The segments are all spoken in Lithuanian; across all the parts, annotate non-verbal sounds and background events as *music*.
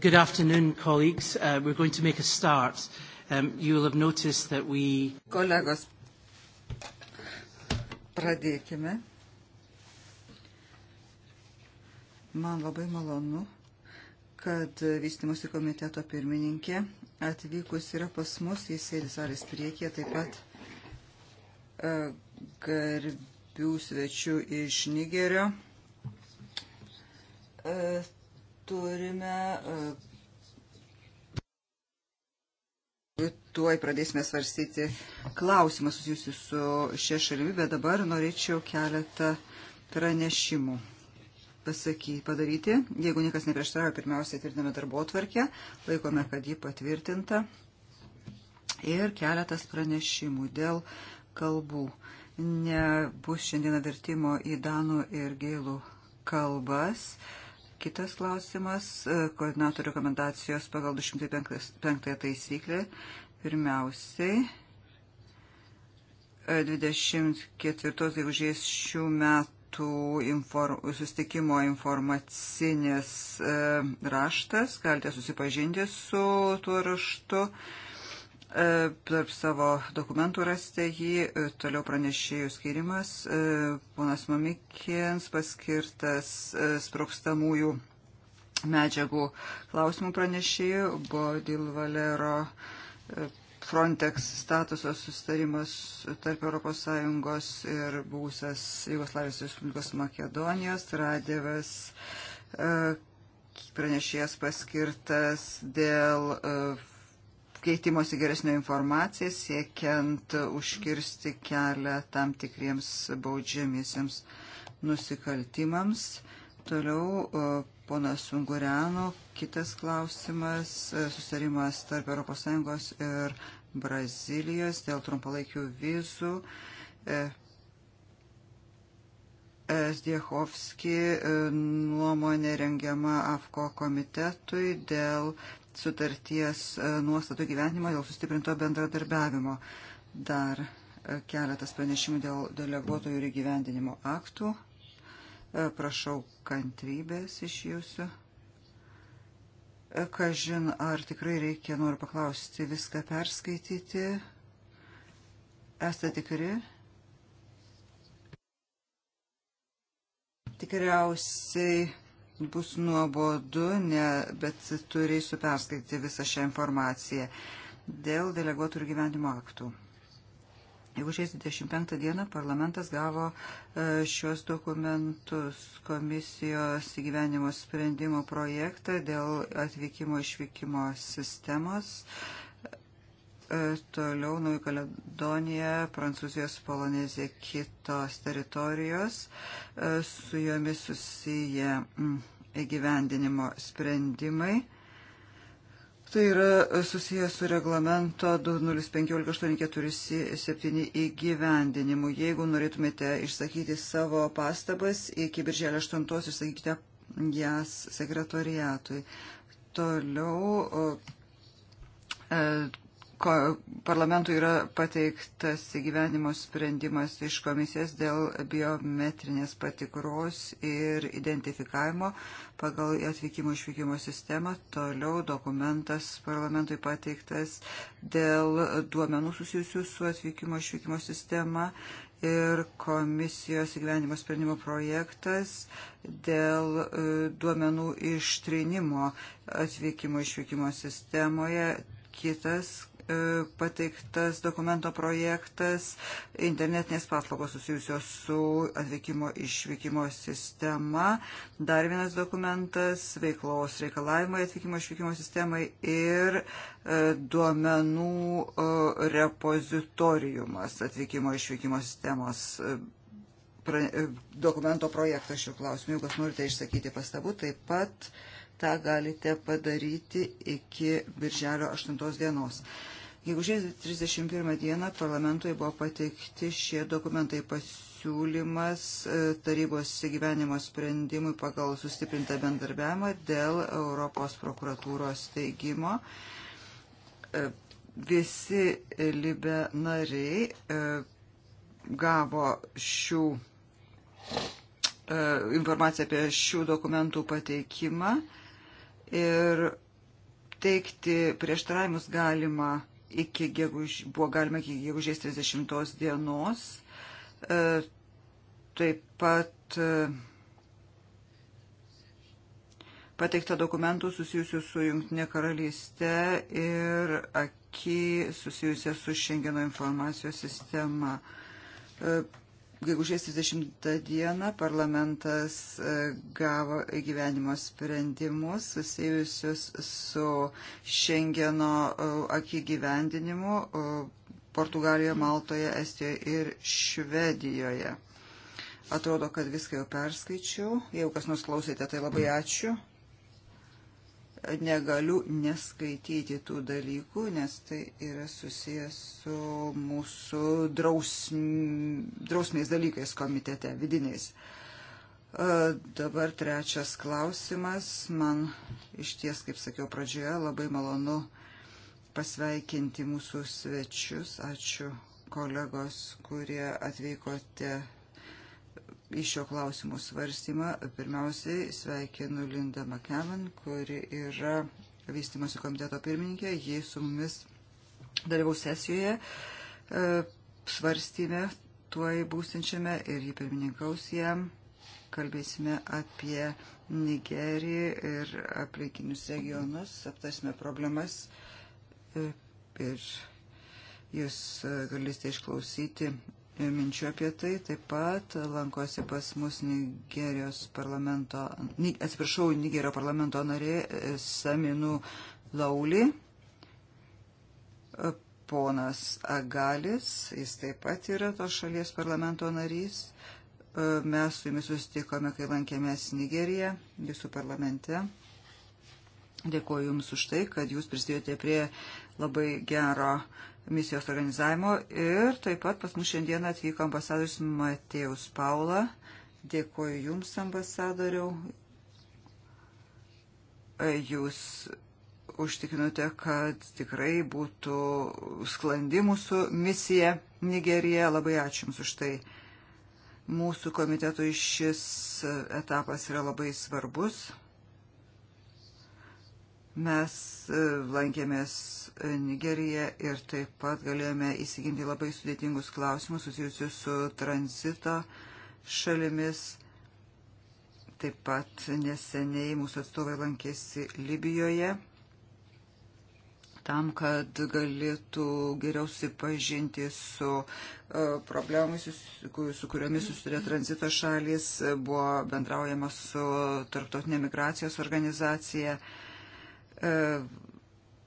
Good afternoon, colleagues. Uh, we're going to make a start. Um, you will have noticed that we... Kolegos, pradėkime. Man labai malonu, kad vystimosi komiteto pirmininkė atvykus yra pas mus, jis sėdi salės priekyje, taip pat uh, garbių svečių iš Nigerio. Uh, turime. E, tuoj pradėsime svarstyti klausimą susijusiu su šia šalimi, bet dabar norėčiau keletą pranešimų pasaky, padaryti. Jeigu niekas neprieštaravo, pirmiausia, tvirtiname darbo tvarkę, laikome, kad ji patvirtinta. Ir keletas pranešimų dėl kalbų. Nebus šiandieną vertimo į danų ir gėlų kalbas. Uh, Kitas klausimas e, - koordinatorių rekomendacijos pagal 205 taisyklę. Pirmiausiai, 24 e, gegužės šių metų inform, sustikimo informacinis e, raštas. Galite susipažinti su tuo raštu. E, E, tarp savo dokumentų rasite jį, e, toliau pranešėjų skirimas, e, ponas Mamikins paskirtas sprokstamųjų medžiagų klausimų pranešėjų, buvo dėl Valero Frontex statuso sustarimas tarp ES ir būsas Jugoslavijos Respublikos Makedonijos, Radėvas pranešėjas paskirtas dėl keitimosi geresnio informaciją, siekiant užkirsti kelią tam tikriems baudžiamiesiems nusikaltimams. Toliau e, ponas Unguriano, kitas klausimas, e, susitarimas tarp ES ir Brazilijos dėl trumpalaikių vizų. E, Sdiehovski nuomonė rengiama AFKO komitetui dėl sutarties e, nuostatų gyvenimą dėl sustiprinto bendradarbiavimo. Dar e, keletas pranešimų dėl deleguotojų ir įgyvendinimo aktų. E, prašau kantrybės iš jūsų. Kažin, ar tikrai reikia, noriu paklausti, viską perskaityti. Esate tikri? Tikriausiai bus nuobodu, ne, bet turėsiu perskaityti visą šią informaciją dėl deleguotų ir gyvenimo aktų. Gegužės 25 dieną parlamentas gavo e, šios dokumentus komisijos įgyvenimo sprendimo projektą dėl atvykimo išvykimo sistemos E, toliau Naujų Kaledonija, Prancūzijos Polonezija, kitos teritorijos, e, su jomis susiję mm, įgyvendinimo sprendimai. Tai yra e, susijęs su reglamento 2015-847 įgyvendinimu. Jeigu norėtumėte išsakyti savo pastabas, iki birželio 8 išsakykite jas sekretoriatui. Toliau parlamentui yra pateiktas įgyvenimo sprendimas iš komisijos dėl biometrinės patikros ir identifikavimo pagal atvykimo išvykimo sistemą. Toliau dokumentas parlamentui pateiktas dėl duomenų susijusių su atvykimo išvykimo sistema ir komisijos įgyvenimo sprendimo projektas dėl e, duomenų ištrinimo atvykimo išvykimo sistemoje. Kitas E, pateiktas dokumento projektas internetinės paslaugos susijusios su atvykimo išvykimo sistema, dar vienas dokumentas veiklos reikalavimai atvykimo išvykimo sistemai ir e, duomenų e, repozitoriumas atvykimo išvykimo sistemos dokumento projektą šiuo klausimu. Jeigu kas norite išsakyti pastabų, taip pat tą galite padaryti iki birželio 8 dienos. Gegužės 31 dieną parlamentui buvo pateikti šie dokumentai pasiūlymas e, tarybos įgyvenimo sprendimui pagal sustiprintą bendarbiavimą dėl Europos prokuratūros teigimo. E, visi libe nariai e, gavo šių informaciją apie šių dokumentų pateikimą ir teikti prieštaravimus galima iki geguž, buvo galima iki gegužės 30 dienos. E, taip pat e, pateikta dokumentų susijusių su Junktinė karalystė ir aki susijusia su Šengeno informacijos sistema. E, Gegužės 30 dieną parlamentas e, gavo įgyvenimo sprendimus susijusius su Šengeno e, akį gyvendinimu e, Portugalijoje, Maltoje, Estijoje ir Švedijoje. Atrodo, kad viską jau perskaičiau. Jeigu kas nors klausėte, tai labai ačiū negaliu neskaityti tų dalykų, nes tai yra susijęs su mūsų drausm, drausmiais dalykais komitete, vidiniais. E, dabar trečias klausimas. Man iš ties, kaip sakiau pradžioje, labai malonu pasveikinti mūsų svečius. Ačiū kolegos, kurie atvykote iš šio klausimų svarstymą. Pirmiausiai sveikinu Lindą McKevin, kuri yra vystimosi komiteto pirmininkė. Ji su mumis dalyvau sesijoje e, svarstyme tuoj būsinčiame ir jį pirmininkaus jam. Kalbėsime apie Nigeriją ir aplinkinius regionus, aptarsime problemas e, ir jūs e, galėsite išklausyti minčių apie tai. Taip pat lankosi pas mus Nigerijos parlamento, atsiprašau, Nigerio parlamento narė e, Saminu Lauli, e, ponas Agalis, jis taip pat yra tos šalies parlamento narys. E, mes su jumis susitikome, kai lankėmės Nigeriją, jūsų parlamente. Dėkuoju Jums už tai, kad Jūs prisidėjote prie labai gero misijos organizavimo. Ir taip pat pas mus šiandien atvyko ambasadorius Matėjus Paula. Dėkuoju Jums, ambasadoriau. Jūs užtikrinote, kad tikrai būtų sklandi mūsų misija Nigerija. Labai ačiū Jums už tai. Mūsų komitetui šis etapas yra labai svarbus. Mes e, lankėmės e, Nigeriją ir taip pat galėjome įsiginti labai sudėtingus klausimus susijusius su tranzito šalimis. Taip pat neseniai mūsų atstovai lankėsi Libijoje tam, kad galėtų geriau susipažinti su e, problemais, su kuriomis susiduria tranzito šalis, buvo bendraujama su Tarptautinė migracijos organizacija. Uh, E,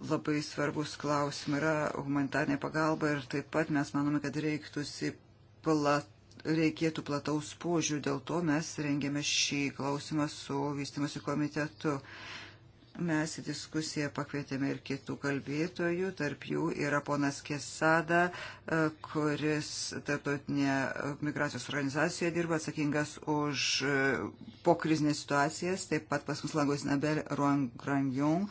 labai svarbus klausimai yra humanitarnė pagalba ir taip pat mes manome, kad reiktųsi plat, reikėtų plataus požiūrį, dėl to mes rengėme šį klausimą su vystimosi komitetu. E, Mes į diskusiją pakvietėme ir kitų kalbėtojų, tarp jų yra ponas Kesada, e, kuris tarptautinė migracijos organizacijoje dirba atsakingas už e, pokrizinės situacijas, taip pat pas mus langos Nabel Ruangranjung.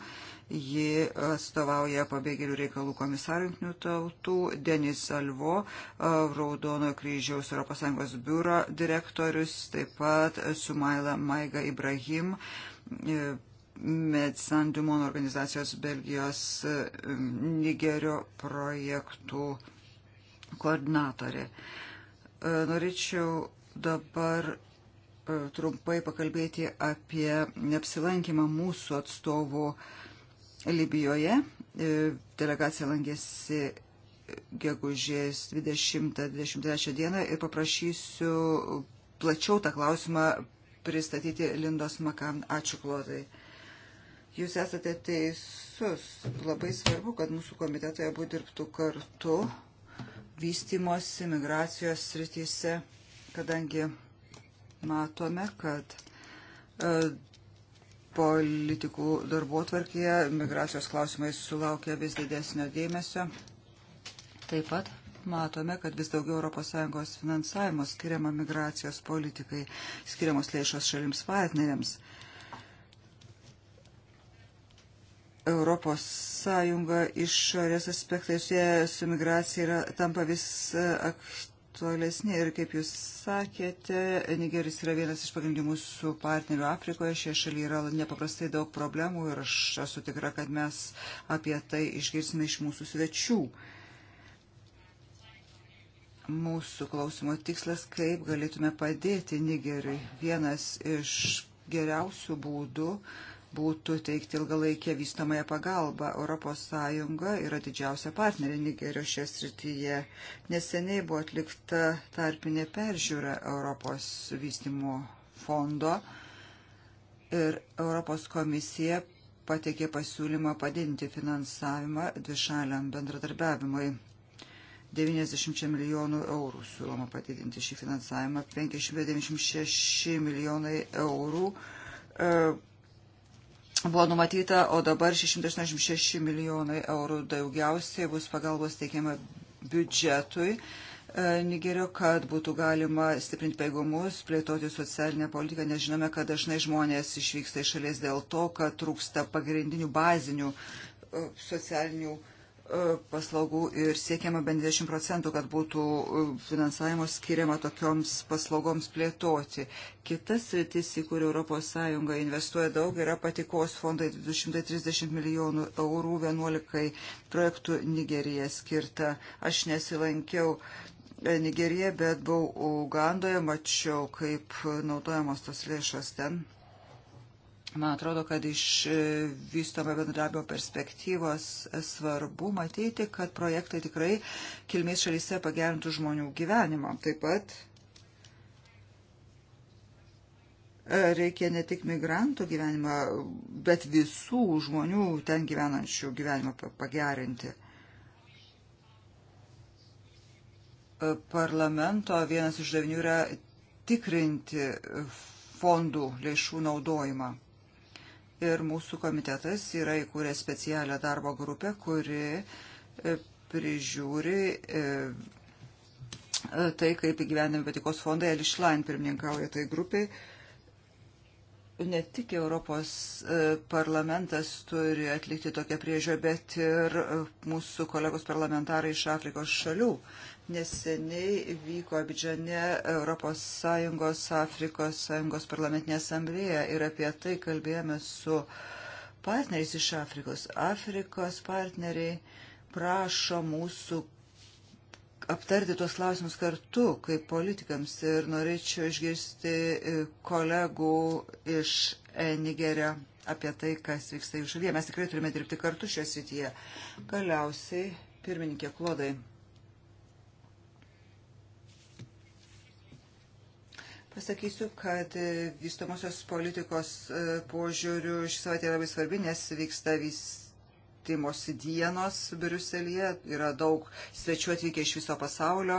Ji atstovauja pabėgėlių reikalų komisarų jungtinių tautų, Denis Alvo, e, Raudonojo kryžiaus ES biuro direktorius, taip pat Sumaila Maiga Ibrahim Medsan Dumon organizacijos Belgijos Nigerio projektų koordinatorė. E, norėčiau dabar e, trumpai pakalbėti apie neapsilankymą mūsų atstovų Libijoje. E, delegacija lankėsi gegužės 20-23 dieną ir paprašysiu plačiau tą klausimą pristatyti Lindos Makan. Ačiū, Klodai. Jūs esate teisus. Labai svarbu, kad mūsų komitetai abu dirbtų kartu vystimosi, migracijos srityse, kadangi matome, kad e, politikų darbuotvarkėje migracijos klausimai sulaukia vis didesnio dėmesio. Taip pat matome, kad vis daugiau ES finansavimo skiriama migracijos politikai, skiriamos lėšos šalims partneriams. Europos Sąjunga išorės aspektai su migracija yra, tampa vis e, aktualesnė ir, kaip jūs sakėte, Nigeris yra vienas iš pagrindimų mūsų partnerių Afrikoje. Šie šalyje yra nepaprastai daug problemų ir aš esu tikra, kad mes apie tai išgirsime iš mūsų svečių. Mūsų klausimo tikslas, kaip galėtume padėti Nigeriui. Vienas iš geriausių būdų uh, būtų teikti ilgalaikę vystamąją pagalbą. ES yra didžiausia partnerė Nigerijos šioje srityje. Neseniai buvo atlikta tarpinė peržiūra Europos vystimo fondo ir Europos komisija pateikė pasiūlymą padinti finansavimą dvišaliam bendradarbiavimui. 90 milijonų eurų siūloma padidinti šį finansavimą, 596 milijonai eurų e, buvo numatyta, o dabar 686 milijonai eurų daugiausiai bus pagalbos teikiama biudžetui. E, Nigerio, kad būtų galima stiprinti paėgumus, plėtoti socialinę politiką, nes žinome, kad dažnai žmonės išvyksta iš šalies dėl to, kad trūksta pagrindinių bazinių e, socialinių uh, paslaugų ir siekiama bent 20 procentų, kad būtų e, finansavimo skiriama tokioms paslaugoms plėtoti. Kitas rytis, į kurį ES investuoja daug, yra patikos fondai 230 milijonų eurų 11 projektų Nigerija skirta. Aš nesilankiau e, Nigeriją, bet buvau Ugandoje, mačiau, kaip naudojamos tos lėšos ten. Man atrodo, kad iš e, vystomo bendradarbiavimo perspektyvos svarbu matyti, kad projektai tikrai kilmės šalyse pagerintų žmonių gyvenimą. Taip pat e, reikia ne tik migrantų gyvenimą, bet visų žmonių ten gyvenančių gyvenimą pagerinti. E, parlamento vienas iš davinių yra tikrinti fondų lėšų naudojimą ir mūsų komitetas yra įkūrę specialią darbo grupę, kuri e, prižiūri e, e, tai, kaip įgyvendami Vatikos fondai, Elišlain pirmininkauja tai grupiai. Ne tik Europos parlamentas turi atlikti tokią priežiūrą, bet ir mūsų kolegos parlamentarai iš Afrikos šalių. Neseniai vyko Abidžane ES Afrikos Sąjungos parlamentinė asamblėja ir apie tai kalbėjome su partneriais iš Afrikos. Afrikos partneriai prašo mūsų aptarti tuos klausimus kartu, kaip politikams. Ir norėčiau išgirsti e, kolegų iš Nigerio apie tai, kas vyksta jų šalyje. Mes tikrai turime dirbti kartu šioje srityje. Galiausiai, pirmininkė Klodai. Pasakysiu, kad e, vystomosios politikos e, požiūrių šį savaitę labai svarbi, nes vyksta vystimosi dienos Briuselėje. Yra daug svečių atvykę iš viso pasaulio,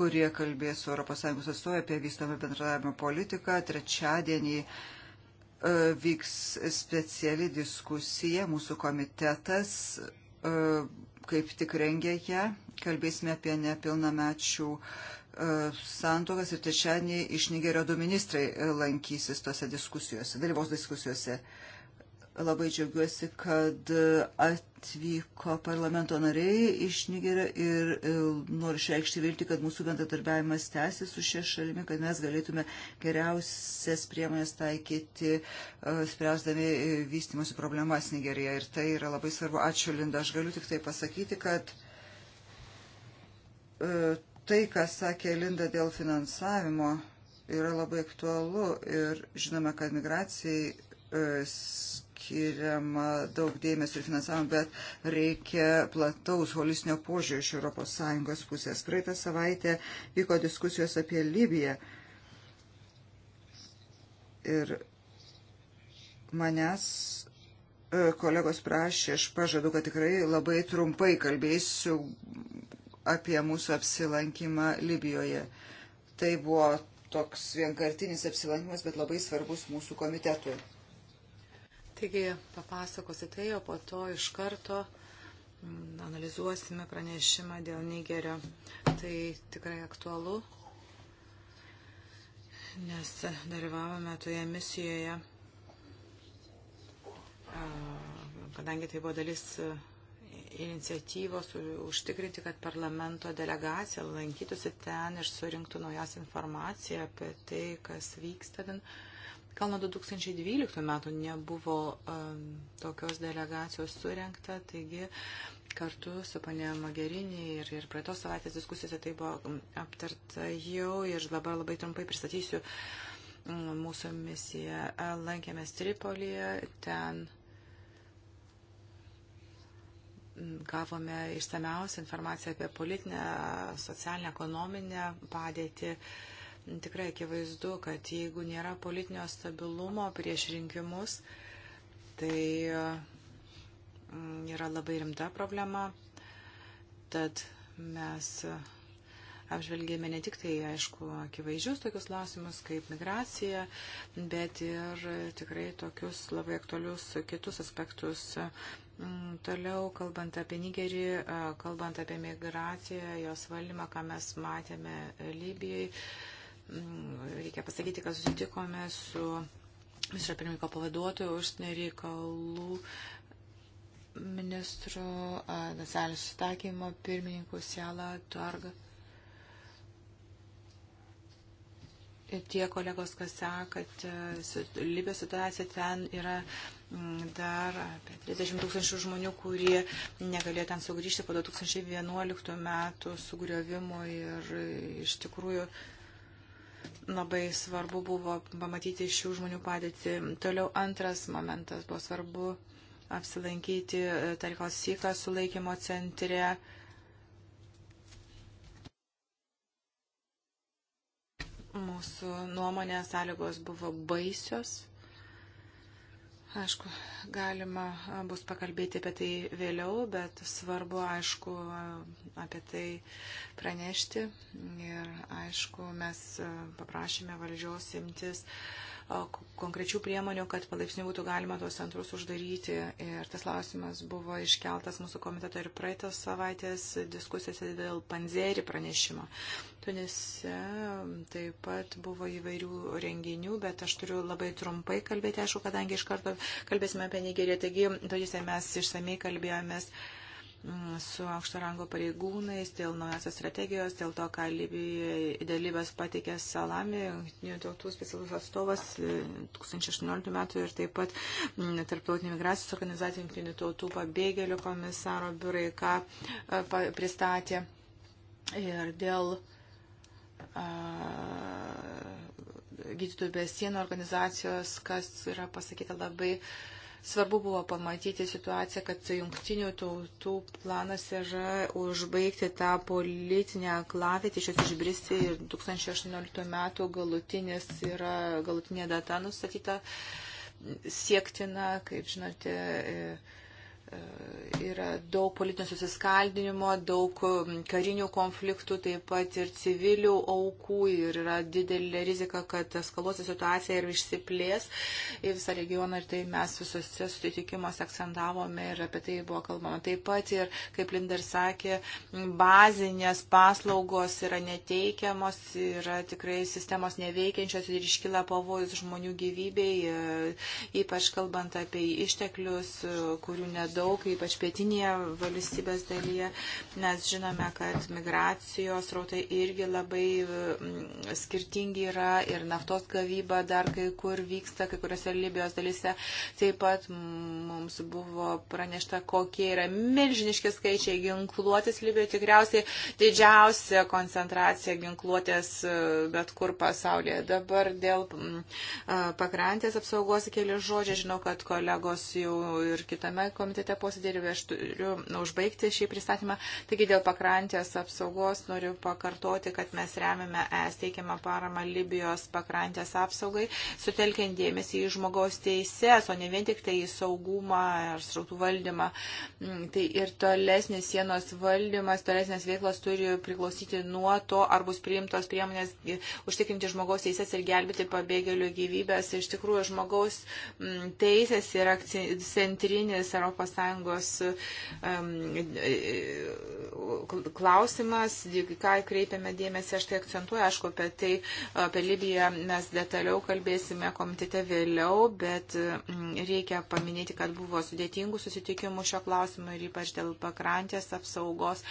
kurie kalbės su ES atstovai apie vystomą bendradavimo politiką. Trečiadienį e, vyks speciali diskusija, mūsų komitetas kaip tik rengia ją. Kalbėsime apie nepilnamečių santokas ir trečiadienį iš Nigerio du ministrai e, lankysis tose diskusijose, dalyvos diskusijose. Labai džiaugiuosi, kad e, atvyko parlamento nariai iš Nigerio ir e, noriu išreikšti vilti, kad mūsų bendradarbiavimas tęsis su šia šalimi, kad mes galėtume geriausias priemonės taikyti, spręsdami vystimosi problemas Nigerija. Ir tai yra labai svarbu. Ačiū, Linda. Aš galiu tik tai pasakyti, kad tai, kas sakė Linda dėl finansavimo, yra labai aktualu ir žinome, kad migracijai e, skiriama daug dėmesio ir finansavimo, bet reikia plataus holistinio požiūrio iš ES pusės. Praeitą savaitę vyko diskusijos apie Libiją. Ir manęs e, kolegos prašė, aš pažadu, kad tikrai labai trumpai kalbėsiu, apie mūsų apsilankymą Libijoje. Tai buvo toks vienkartinis apsilankymas, bet labai svarbus mūsų komitetui. Taigi papasakosite, tai, o po to iš karto mm, analizuosime pranešimą dėl Nigerio. Tai tikrai aktualu, nes dalyvavome toje misijoje, kadangi tai buvo dalis iniciatyvos užtikrinti, kad parlamento delegacija lankytųsi ten ir surinktų naujas informaciją apie tai, kas vyksta ten. Gal nuo 2012 metų nebuvo um, tokios delegacijos surinkta, taigi kartu su panė Magerinė ir, ir praeitos savaitės diskusijose tai buvo um, aptarta jau ir dabar labai trumpai pristatysiu um, mūsų misiją. Lankėmės Tripolyje, ten gavome išsameusią informaciją apie politinę, socialinę, ekonominę padėtį. Tikrai akivaizdu, kad jeigu nėra politinio stabilumo prieš rinkimus, tai mm, yra labai rimta problema. Tad mes apžvelgėme ne tik tai, aišku, akivaizdžius tokius klausimus kaip migracija, bet ir tikrai tokius labai aktualius kitus aspektus. Mm, toliau, kalbant apie Nigerį, kalbant apie migraciją, jos valdymą, ką mes matėme Libijai, mm, reikia pasakyti, kad susitikome su ministro pirmininko pavaduotoju užsienio reikalų ministru, nacionalinio sutakymo pirmininku Siela Tuarga. tie kolegos, kas seka, kad e, Libijos situacija ten yra mm, dar apie 30 tūkstančių žmonių, kurie negalėjo ten sugrįžti po 2011 metų sugriovimo ir e, iš tikrųjų labai svarbu buvo pamatyti šių žmonių padėtį. Toliau antras momentas buvo svarbu apsilankyti e, Tarikos Syka sulaikymo centre Mūsų nuomonė sąlygos buvo baisios. Aišku, galima bus pakalbėti apie tai vėliau, bet svarbu, aišku, apie tai pranešti. Ir, aišku, mes paprašėme valdžios imtis uh, konkrečių priemonių, kad palaipsniui būtų galima tuos centrus uždaryti. Ir tas klausimas buvo iškeltas mūsų komiteto ir praeitas savaitės diskusijose dėl panzerį pranešimo. Tunise taip pat buvo įvairių renginių, bet aš turiu labai trumpai kalbėti, aišku, kadangi iš karto kalbėsime apie Nigeriją. Taigi, Tunise mes išsamei kalbėjomės. Uh, Mm, su aukšto rango pareigūnais dėl naujasios strategijos, dėl to, ką Libijos pateikė Salami, jungtinių tautų specialus atstovas 2018 e, metų ir taip pat mm, Tarptautinė migracijos organizacija, jungtinių tautų pabėgėlių komisaro biurai, ką e, pristatė ir dėl a, gydytojų be sienų organizacijos, kas yra pasakyta labai uh, Svarbu buvo pamatyti situaciją, kad jungtinių tautų planas yra užbaigti tą politinę klavėtį, iš jos išbristi ir 2018 metų galutinis yra, galutinė data nustatyta siektina, kaip žinote, e, yra daug politinio susiskaldinimo, daug um, karinių konfliktų, taip pat ir civilių aukų ir yra didelė rizika, kad eskaluosi situacija ir išsiplės į visą regioną ir tai mes visose susitikimuose akcentavome ir apie tai buvo kalbama. Taip pat ir, kaip Linder sakė, bazinės paslaugos yra neteikiamos, yra tikrai sistemos neveikiančios ir iškyla pavojus žmonių gyvybei, e, ypač kalbant apie išteklius, e, kurių nedaug daug, ypač pietinėje valstybės dalyje. Mes žinome, kad migracijos rautai irgi labai mm, skirtingi yra ir naftos gavyba dar kai kur vyksta, kai kuriuose Libijos dalyse. Taip pat mums buvo pranešta, kokie yra milžiniški skaičiai ginkluotis Libijoje. Tikriausiai didžiausia koncentracija ginkluotės e, bet kur pasaulyje. Dabar dėl mm, e, pakrantės apsaugos keli žodžiai. Žinau, kad kolegos jau ir kitame komitete pradėjote posėdėlį, aš turiu užbaigti šį pristatymą. Taigi dėl pakrantės apsaugos noriu pakartoti, kad mes remiame ES teikiamą paramą Libijos pakrantės apsaugai, sutelkiant dėmesį į žmogaus teises, o ne vien tik tai į saugumą ar srautų valdymą. Mm, tai ir tolesnis sienos valdymas, tolesnės veiklos turi priklausyti nuo to, ar bus priimtos priemonės e, užtikrinti žmogaus teises ir gelbėti pabėgėlių gyvybės. Iš tikrųjų, žmogaus mm, teisės yra centrinis ES ES e, e, klausimas, ką kreipiame dėmesį, aš tai akcentuoju, aišku, apie tai, apie Libiją mes detaliau kalbėsime komitete vėliau, bet mm, reikia paminėti, kad buvo sudėtingų susitikimų šio klausimu ir ypač dėl pakrantės apsaugos.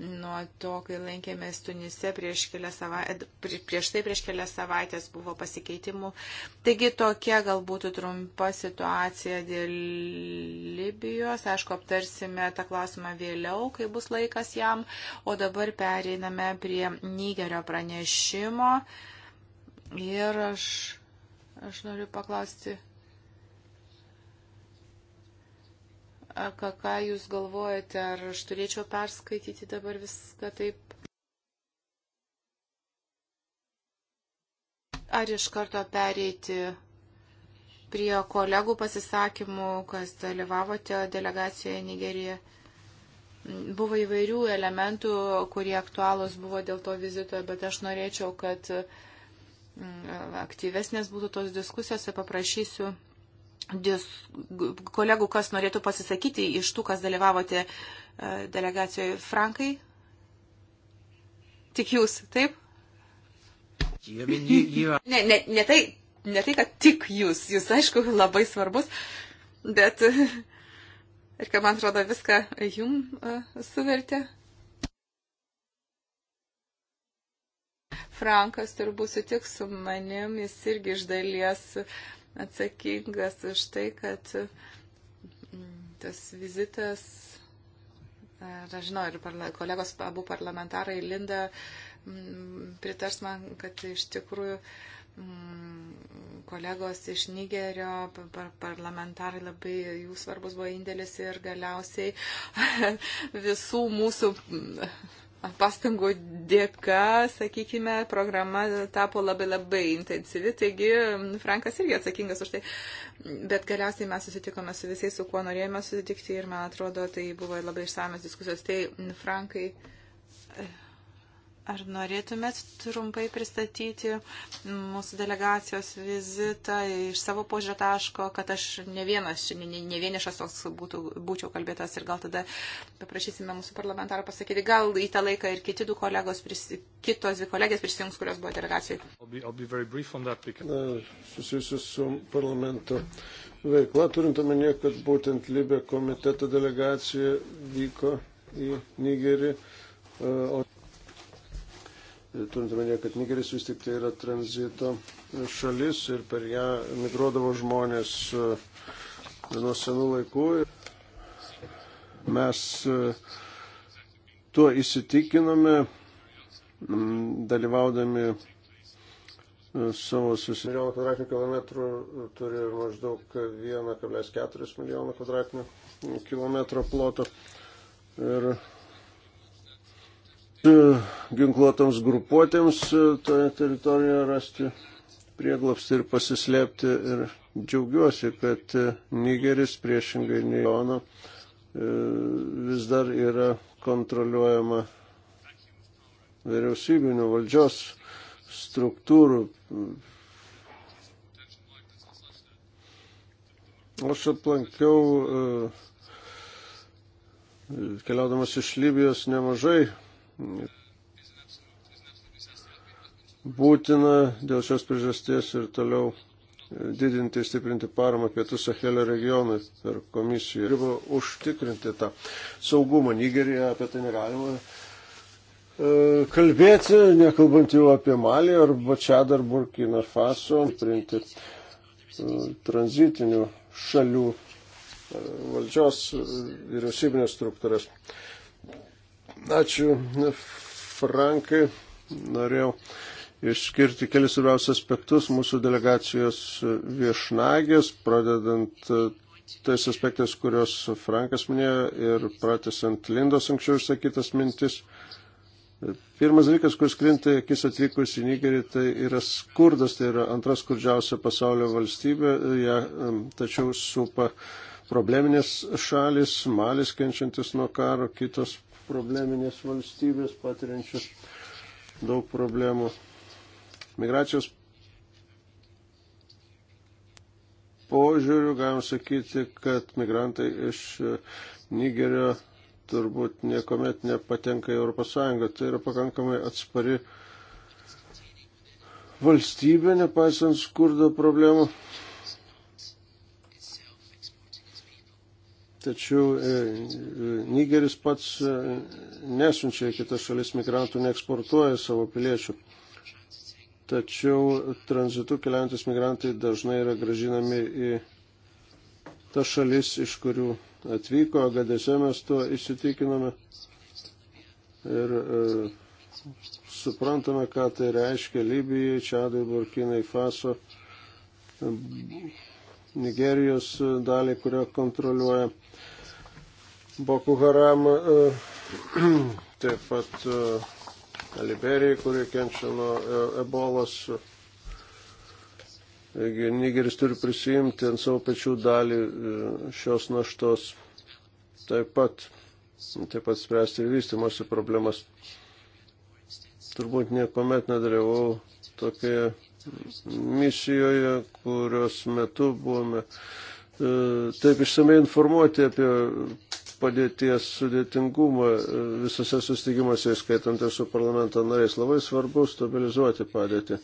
Nuo to, kai lankėmės Tunise prieš, savai, prieš tai prieš kelias savaitės buvo pasikeitimų. Taigi tokia galbūt trumpa situacija dėl Libijos. Rusijos. Aišku, aptarsime tą klausimą vėliau, kai bus laikas jam. O dabar pereiname prie Nigerio pranešimo. Ir aš, aš noriu paklausti, ką, ką jūs galvojate, ar aš turėčiau perskaityti dabar viską taip ar iš karto pereiti prie kolegų pasisakymų, kas dalyvavote delegacijoje Nigerijoje. Buvo įvairių elementų, kurie aktualūs buvo dėl to vizito, bet aš norėčiau, kad mm, aktyvesnės būtų tos diskusijos ir paprašysiu dis, kolegų, kas norėtų pasisakyti iš tų, kas dalyvavote e, delegacijoje. Frankai? Tik jūs, taip? ne, ne, ne tai, ne tai, kad tik jūs, jūs aišku labai svarbus, bet ir kad man atrodo viską jum e, suvertė. Frankas turbūt sutiks su manim, jis irgi iš dalies atsakingas už tai, kad mm, tas vizitas, aš žinau, ir kolegos abu parlamentarai Linda mm, pritars man, kad iš tikrųjų uh, Mm, kolegos iš Nigerio, parlamentarai labai jų svarbus buvo indėlis ir galiausiai *laughs* visų mūsų mm, pastangų dėka, sakykime, programa tapo labai labai intensyvi, taigi mm, Frankas irgi atsakingas už tai. Bet galiausiai mes susitikome su visais, su kuo norėjome susitikti ir man atrodo, tai buvo labai išsamios diskusijos. Tai Frankai. Ar norėtumėt trumpai pristatyti mūsų delegacijos vizitą iš savo požiūrio taško, kad aš ne vienas, ne, ne vienišas toks būtų, būčiau kalbėtas ir gal tada paprašysime mūsų parlamentarą pasakyti, gal į tą laiką ir kiti du kolegos, pris, kitos dvi kolegės prisijungs, kurios buvo delegacijoje. Because... Na, susijusiu su parlamento veikla, turint omenyje, kad būtent Libė komiteto delegacija vyko į Nigerį. O... E, turint omenyje, kad Nigeris vis tik tai yra tranzito šalis ir per ją migruodavo žmonės e, nuo senų laikų. Mes e, tuo įsitikinome, dalyvaudami savo susirinkę kvadratinių kilometrų turi maždaug 1,4 milijono kvadratinių kilometro ploto. Ir E, ginkluotams grupuotėms e, toje teritorijoje rasti prieglapsti ir pasislėpti. Ir džiaugiuosi, kad e, Nigeris priešingai nei Jono vis dar yra kontroliuojama vyriausybinių valdžios struktūrų. Aš aplankiau, keliaudamas iš Libijos, nemažai Būtina dėl šios priežasties ir toliau didinti ir stiprinti paramą pietų Sahelio regionui per komisiją. Reikia užtikrinti tą saugumą. Nigerija apie tai negalima e, kalbėti, nekalbant jau apie Malį arba Čadą ar Burkina Faso, priimti e, tranzitinių šalių e, valdžios vyriausybinės struktūras. Ačiū, Frankai. Norėjau išskirti kelius svarbiausius aspektus mūsų delegacijos viešnagės, pradedant e, tais aspektais, kuriuos Frankas minėjo ir pratesant Lindos anksčiau išsakytas mintis. Pirmas dalykas, kuris krinta, akis atvykus į Nigerį, tai yra skurdas, tai yra antras skurdžiausia pasaulio valstybė, ją ja, tačiau supa probleminės šalis, malis kenčiantis nuo karo, kitos probleminės valstybės patiriančios daug problemų. Migracijos požiūrių galim sakyti, kad migrantai iš Nigerio turbūt niekuomet nepatenka į Europos Sąjungą. Tai yra pakankamai atspari valstybė, nepaisant skurdo problemų. Tačiau e, e, Nigeris pats e, nesunčia į kitas šalis migrantų, neeksportuoja savo piliečių. Tačiau tranzitu keliaujantis migrantai dažnai yra gražinami į tas šalis, iš kurių atvyko, Agadėse mes tuo įsitikinome ir e, suprantame, ką tai reiškia Libijai, Čadui, Burkinai, Faso, Nigerijos dalį, kurią kontroliuoja Boko Haram, e, *clears throat* taip pat e, Liberijai, kurie kenčia nuo e, ebolos. Taigi Nigeris turi prisijimti ant savo pečių dalį šios naštos taip pat, taip pat spręsti ir vystimosi problemas. Turbūt niekuomet nedalyvau tokioje misijoje, kurios metu buvome e, taip išsamei informuoti apie padėties sudėtingumą e, visose sustikimuose, skaitant ir su parlamento nariais. Labai svarbu stabilizuoti padėtį.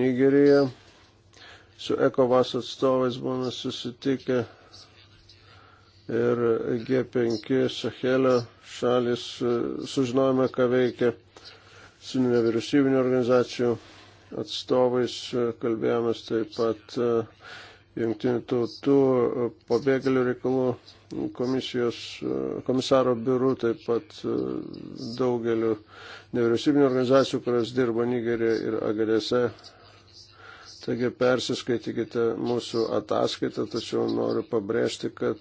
Nigerija su ECOVAS atstovais buvome susitikę ir G5 Sahelio šalis e, sužinojome, ką veikia su nevyriausybinio organizacijų atstovais, e, kalbėjomės taip pat e, Junktinių tautų e, pabėgėlių reikalų komisijos komisaro biurų, taip pat daugeliu nevyriausybinio organizacijų, kurios dirba Nigerija ir Agadėse. Taigi persiskaitykite mūsų ataskaitą, tačiau noriu pabrėžti, kad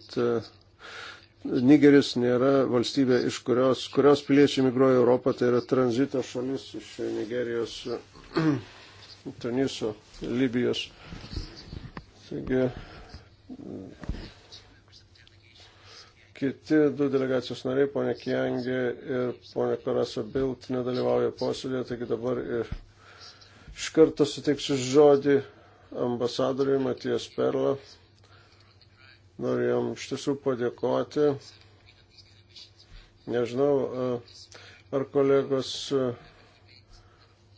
Nigeris nėra valstybė, iš kurios, kurios piliečiai migruoja Europą, tai yra tranzito šalis iš Nigerijos *clears throat* Tuniso, Libijos. Taigi, kiti du delegacijos nariai, ponė Kiengė ir ponė Karasa Bilt, nedalyvauja posėdėje, taigi dabar ir iš karto suteiksiu žodį ambasadoriui Matijas Perla. Noriu jam iš tiesų padėkoti. Nežinau, ar kolegos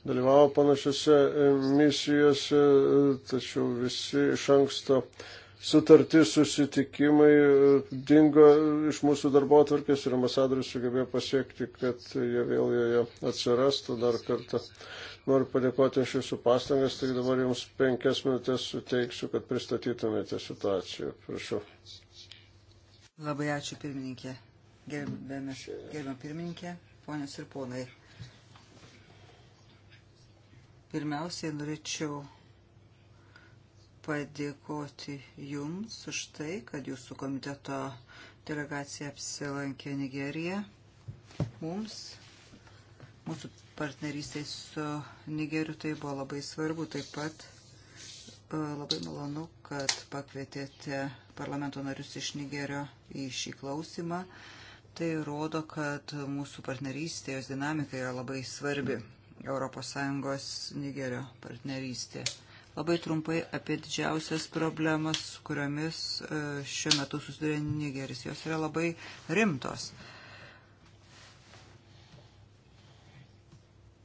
dalyvavo panašiose e, misijose, e, tačiau visi iš anksto sutarti susitikimai e, dingo iš mūsų darbo atvarkės ir ambasadorius sugebėjo pasiekti, kad jie vėl joje atsirastų. Dar kartą noriu padėkoti iš jūsų pastangas, tik dabar jums penkias minutės suteiksiu, kad pristatytumėte situaciją. Prašau. Labai ačiū pirmininkė. Gerbiamas pirmininkė, ponios ir ponai. Pirmiausiai norėčiau padėkoti Jums už tai, kad Jūsų komiteto delegacija apsilankė Nigeriją. Mums, mūsų partnerystė su Nigeriu, tai buvo labai svarbu. Taip pat e, labai malonu, kad pakvietėte parlamento narius iš Nigerio į šį klausimą. Tai rodo, kad mūsų partnerystė, jos dinamika yra labai svarbi. Mm. ES Nigerio partnerystė. Labai trumpai apie didžiausias problemas, su kuriomis e, šiuo metu susiduria Nigeris. Jos yra labai rimtos.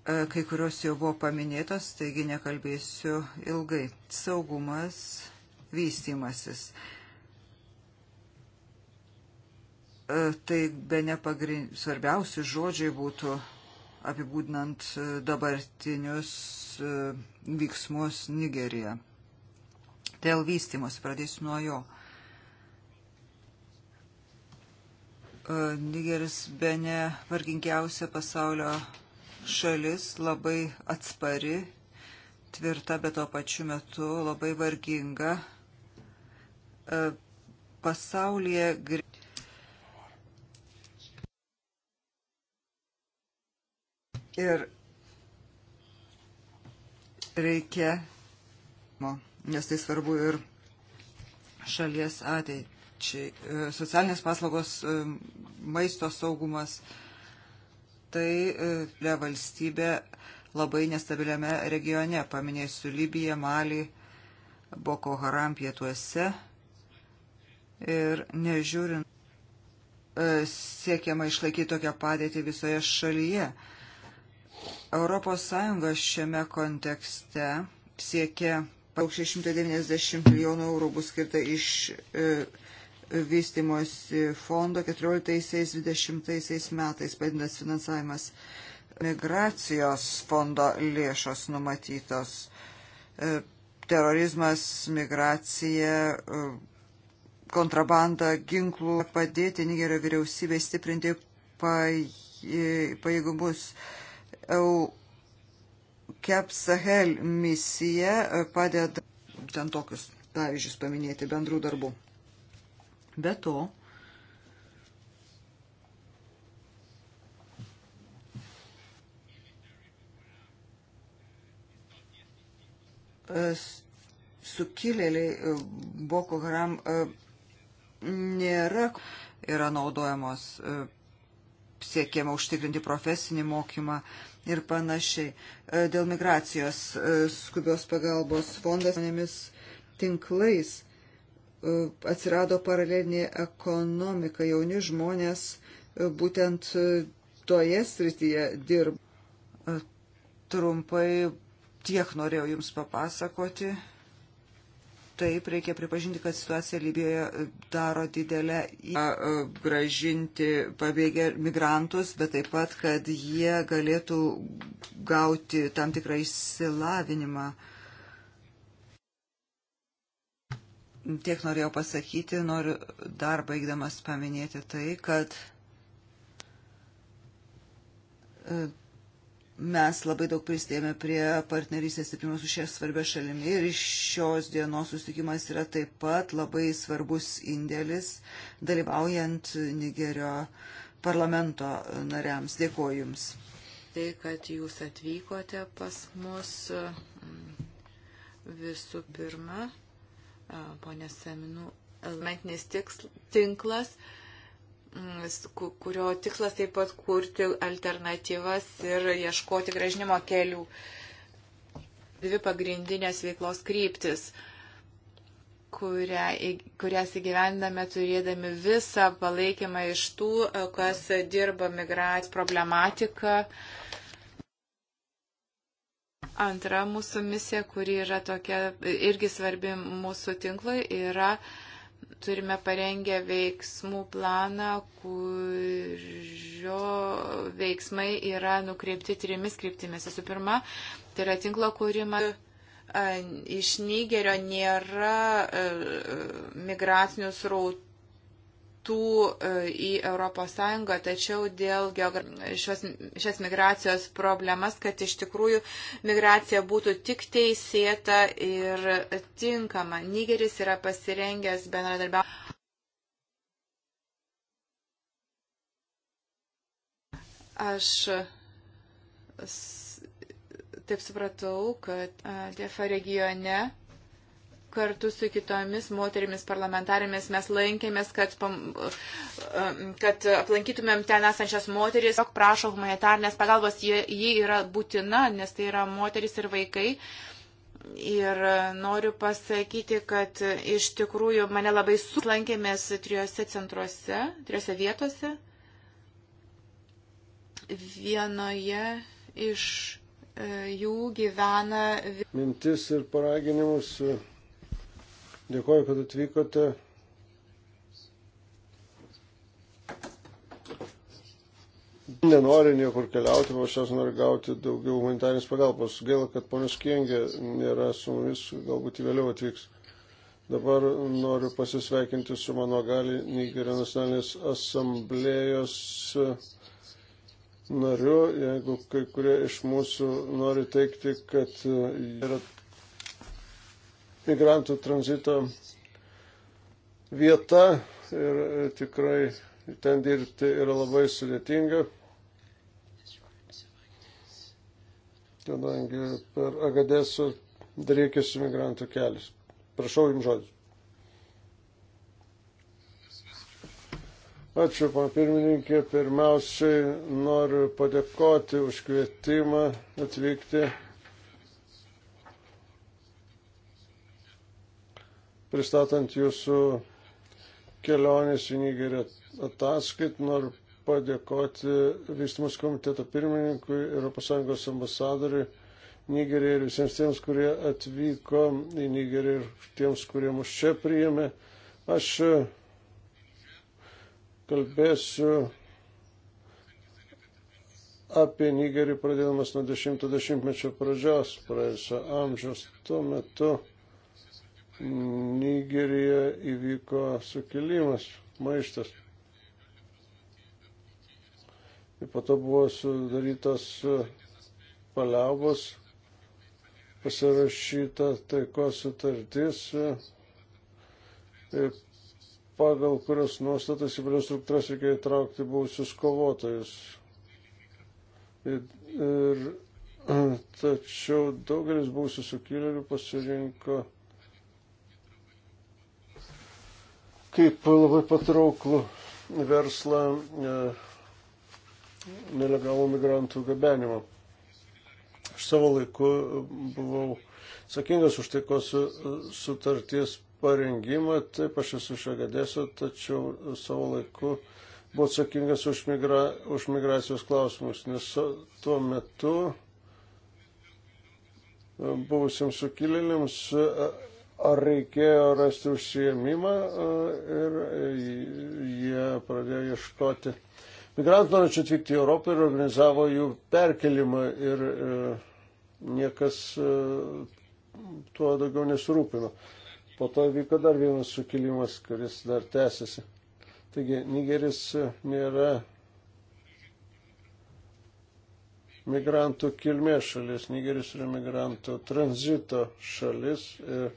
E, kai kurios jau buvo paminėtos, taigi nekalbėsiu ilgai. Saugumas, vystimasis e, tai be nepagrind... svarbiausi žodžiai būtų apibūdinant e, dabartinius e, vyksmus Nigerija. Dėl vystimosi pradėsiu nuo jo. E, Nigeris be ne vargingiausia pasaulio šalis, labai atspari, tvirta, bet tuo pačiu metu labai varginga pasaulyje Ir reikia, nes tai svarbu ir šalies ateičiai, e, socialinės paslaugos, e, maisto saugumas, tai le valstybė labai nestabiliame regione, paminėsiu Libiją, Malį, Boko Haram pietuose ir nežiūrint e, siekiama išlaikyti tokią padėtį visoje šalyje. ES šiame kontekste siekia pauk 690 milijonų eurų bus skirta iš e, vystimosi fondo 14-20 metais padidintas finansavimas migracijos fondo lėšos numatytos. E, terorizmas, migracija, e, kontrabanda, ginklų padėti Nigerio vyriausybė stiprinti pajėgumus. Pa, EUCAP Sahel misija padeda ten tokius pavyzdžius paminėti bendrų darbų. Be to, sukilėliai e, Boko Haram e, nėra, yra naudojamos e, siekiama užtikrinti profesinį mokymą ir panašiai. E, dėl migracijos e, skubios pagalbos fondas tinklais e, atsirado paralelinė ekonomika. Jauni žmonės būtent toje srityje dirba. Trumpai tiek norėjau Jums papasakoti taip reikia pripažinti, kad situacija Libijoje e, daro didelę gražinti pabėgę migrantus, bet taip pat, kad jie galėtų gauti tam tikrą išsilavinimą. Tiek norėjau pasakyti, noriu dar baigdamas paminėti tai, kad e, Mes labai daug pristėjome prie partnerystės stiprinimo su šia svarbia šalimi ir šios dienos susitikimas yra taip pat labai svarbus indėlis dalyvaujant Nigerio parlamento nariams. Dėkuoju Jums. Tai, kad Jūs atvykote pas mus mm, visų pirma, ponė Seminų, elementinis tinklas. Mm, kurio tikslas taip pat kurti alternatyvas ir ieškoti gražinimo kelių. Dvi pagrindinės veiklos kryptis, kurią, kurias įgyvendame turėdami visą palaikymą iš tų, e, kas dirba migracijos problematiką. Antra mūsų misija, kuri yra tokia irgi svarbi mūsų tinklui, yra uh, turime parengę veiksmų planą, kurio veiksmai yra nukreipti trimis kryptimis. Visų pirma, tai yra tinklo kūrimas. Iš Nigerio nėra e, migracinių srautų tų e, į ES, tačiau dėl šios, šios migracijos problemas, kad iš tikrųjų migracija būtų tik teisėta ir tinkama. Nigeris yra pasirengęs bendradarbiauti. Aš taip supratau, kad Defa e, regione kartu su kitomis moterimis parlamentarėmis mes lankėmės, kad, kad aplankytumėm ten esančias moteris, jog prašo humanitarnės pagalbos, ji, ji yra būtina, nes tai yra moteris ir vaikai. Ir noriu pasakyti, kad iš tikrųjų mane labai suplankėmės trijose centruose, trijose vietose. Vienoje iš e, jų gyvena. Mintis ir paraginimus e, Dėkuoju, kad atvykote. Nenori niekur keliauti, o šias nori gauti daugiau humanitarinės pagalbos. Gaila, kad ponas Kengė nėra su mumis, galbūt į vėliau atvyks. Dabar noriu pasisveikinti su mano gali Nigerio nacionalinės asamblėjos nariu, jeigu kai kurie iš mūsų nori teikti, kad yra migrantų tranzito vieta ir e, tikrai ten dirbti yra labai sudėtinga, kadangi per Agadesą driekiasi migrantų kelias. Prašau jums žodžiu. Ačiū, pan pirmininkė. Pirmiausiai noriu padėkoti už kvietimą atvykti pristatant jūsų kelionės į Nigerį ataskait, noriu padėkoti Vystymus komiteto pirmininkui, ES ambasadoriui Nigerį ir visiems tiems, kurie atvyko į Nigerį ir tiems, kurie mus čia priėmė. Aš e, kalbėsiu apie Nigerį pradėdamas nuo 10-mečio pradžios praėjusio amžiaus. Tuo metu Nigerija įvyko sukilimas, maištas. Ir po to buvo sudarytos paliaubos, pasirašyta taikos sutartis, pagal kurios nuostatas į valios struktūras reikėjo įtraukti buvusius kovotojus. Ir, ir, *clears throat* tačiau daugelis buvusių sukilėlių pasirinko kaip labai patrauklų verslą e, nelegalų migrantų gabenimą. Aš savo laiku buvau atsakingas už taikos sutarties parengimą, taip aš esu iš Agadeso, tačiau savo laiku buvau atsakingas už, migra, už migracijos klausimus, nes tuo metu e, buvusiems sukilėliams e, ar reikėjo rasti užsiemimą e, ir e, jie pradėjo ieškoti migrantų norinčių atvykti į Europą ir organizavo jų perkelimą ir e, niekas tuo daugiau nesirūpino. Po to vyko dar vienas sukilimas, kuris dar tęsiasi. Taigi Nigeris nėra migrantų kilmės šalis, Nigeris yra migrantų tranzito šalis. Ir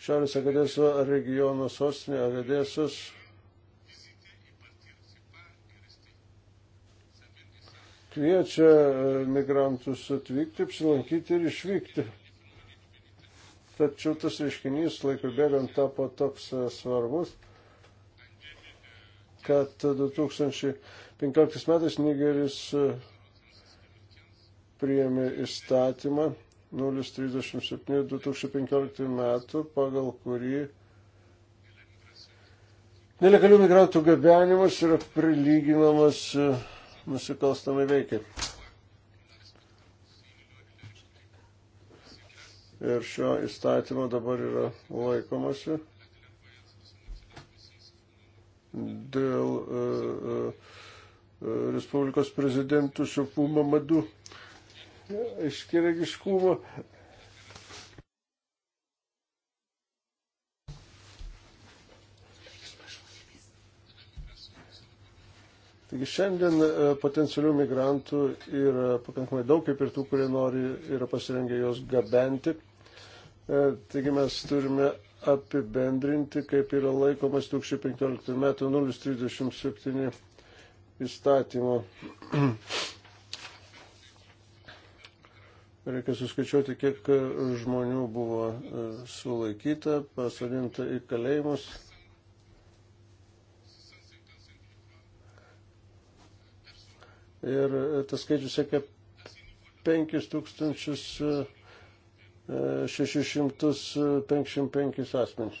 Šiaurės Agadeso regiono sostinė Agadesas. Kviečia e, migrantus atvykti, apsilankyti ir išvykti. Tačiau tas reiškinys laikui bėgant tapo toks e, svarbus, kad 2015 metais Nigeris e, priėmė įstatymą 037-2015 metų, pagal kurį nelegalių migrantų gabenimas yra prilyginamas e, nusikalstamai veikiai. Ir šio įstatymo dabar yra laikomasi dėl uh, uh, Respublikos prezidentų Šafų Mamadu aiškiregiškumo. Taigi šiandien e, potencialių migrantų yra pakankamai daug, kaip ir tų, kurie nori, yra pasirengę juos gabenti. E, taigi mes turime apibendrinti, kaip yra laikomas 2015 m. 037 įstatymo. *clears throat* Reikia suskaičiuoti, kiek žmonių buvo e, sulaikyta, pasodinta į kalėjimus. Ir e, tas skaičius siekia 5655 e, asmenys.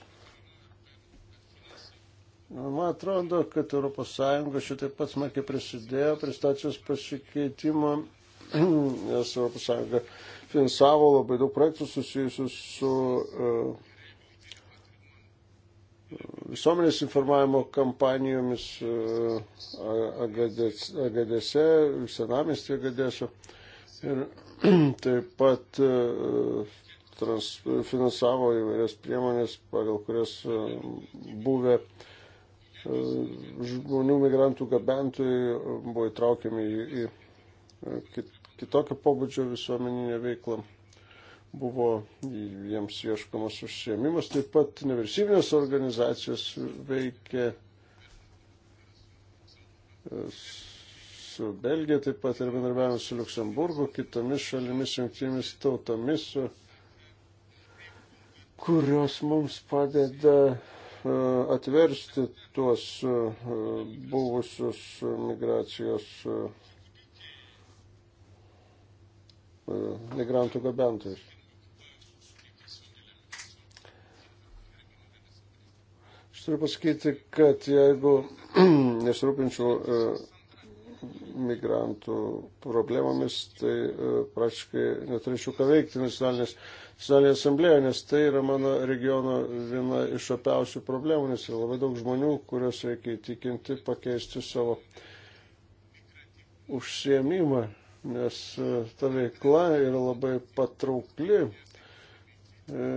Man atrodo, kad ES šitai pats smarkiai prisidėjo prie stacijos pasikeitimo *clears throat* nes Europos Sąjunga finansavo labai daug projektų susijusių su e, visuomenės informavimo kampanijomis e, Agadėse, senamestį Agadėse ir *clears throat* taip pat e, trans, finansavo įvairias priemonės, pagal kurias buvę žmonių migrantų gabentojai buvo įtraukiami į, į kit, kitokio pobūdžio visuomeninė veikla buvo jiems ieškomas užsiemimas. Taip pat nevyriausybinės organizacijos veikė su Belgija, taip pat ir bendarbiavimas su Luksemburgu, kitomis šalimis, jungtinėmis tautomis, kurios mums padeda e, atversti tuos e, buvusius migracijos e, E, migrantų gabentojus. Aš turiu pasakyti, kad jeigu *clears throat* nesirūpinčiau e, migrantų problemomis, tai e, praktiškai neturėčiau ką veikti nacionalinės, nacionalinėje asamblėje, nes tai yra mano regiono viena iš opiausių problemų, nes yra labai daug žmonių, kuriuos reikia įtikinti pakeisti savo užsiemimą nes e, ta veikla yra labai patraukli, e,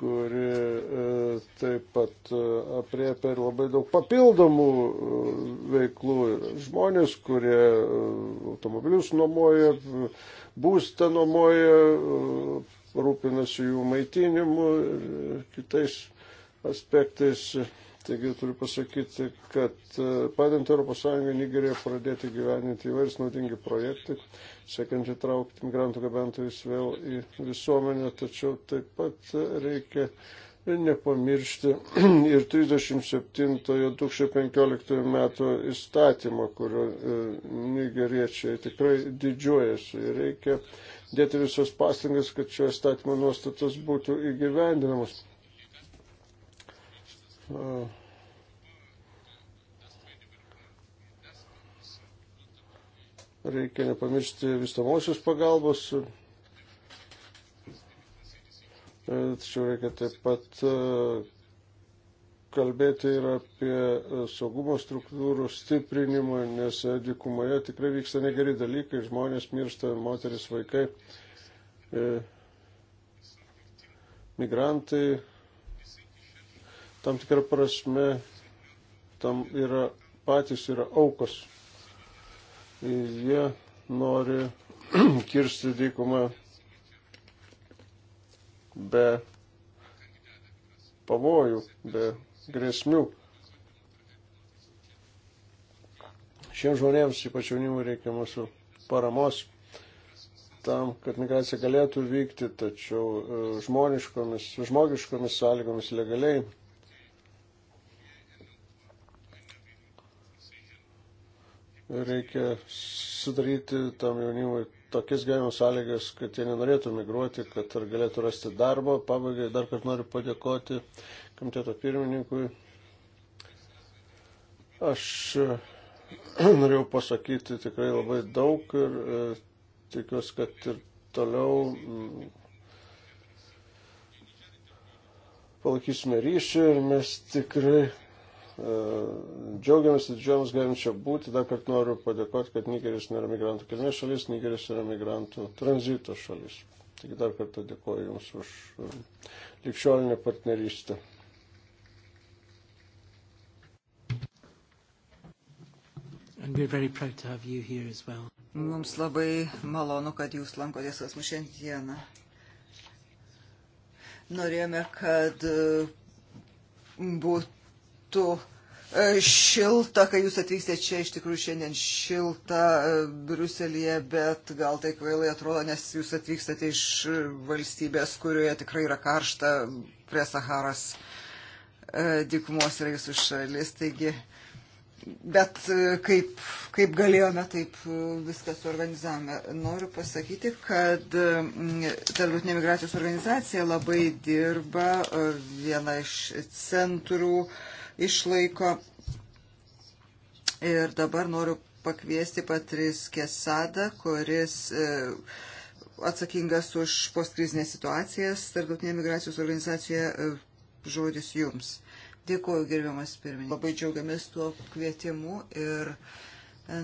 kuri e, taip pat apriepia ir labai daug papildomų veiklų. Žmonės, kurie automobilius nuomoja, būstą nuomoja, rūpinasi jų maitinimu ir kitais aspektais Taigi turiu pasakyti, kad e, padant ES Nigerijoje pradėti gyveninti įvairius naudingi projektai, siekiant įtraukti migrantų gabentojus vėl į visuomenę, tačiau taip pat reikia nepamiršti *clears throat* ir 37-2015 metų įstatymą, kurio e, nigeriečiai tikrai didžiuojasi. Reikia dėti visas pastangas, kad šio įstatymo nuostatos būtų įgyvendinamos. Uh Reikia nepamiršti vystamosios pagalbos. E, tačiau reikia taip pat e, kalbėti ir apie e, saugumo struktūrų stiprinimą, nes dykumoje tikrai vyksta negeri dalykai, žmonės miršta, moteris, vaikai, migrantai. Tam tikrą prasme tam yra patys yra aukos. Jie nori *clears throat* kirsti dykumą be pavojų, be grėsmių. Šiems žmonėms, ypač jaunimui, reikia mūsų paramos tam, kad migracija galėtų vykti, tačiau e, žmogiškomis sąlygomis legaliai reikia sudaryti tam jaunimui tokias gyvenimo sąlygas, kad jie nenorėtų migruoti, kad ar galėtų rasti darbo. Pabaigai dar kartą noriu padėkoti komiteto pirmininkui. Aš e, *clears throat* norėjau pasakyti tikrai labai daug ir e, tikiuosi, kad ir toliau m, mm, palaikysime ryšį ir mes tikrai E, džiaugiamės ir didžiuojamės galim čia būti. Dar kartą noriu padėkoti, kad Nigeris nėra migrantų kilmės šalis, Nigeris yra migrantų tranzito šalis. Taigi dar kartą dėkoju Jums už e, likščiolinę partnerystę. Well. Mums labai malonu, kad Jūs lankotės pas mus šiandieną. Norėjome, kad e, būtų E, šilta, kai jūs atvyksite čia, iš tikrųjų šiandien šilta e, Bruselėje, bet gal tai kvailai atrodo, nes jūs atvykstate iš valstybės, kurioje tikrai yra karšta prie Saharos e, dykumos yra jūsų šalis, taigi, bet kaip, kaip galėjome, taip viską suorganizavome. Noriu pasakyti, kad mm, Tarptautinė migracijos organizacija labai dirba viena iš centrų išlaiko. Ir dabar noriu pakviesti Patris Kesadą, kuris e, atsakingas už postkrizinę situaciją tarptautinėje migracijos organizacijoje. E, žodis jums. Dėkuoju, gerbiamas pirmininkas. Labai džiaugiamės tuo kvietimu ir e,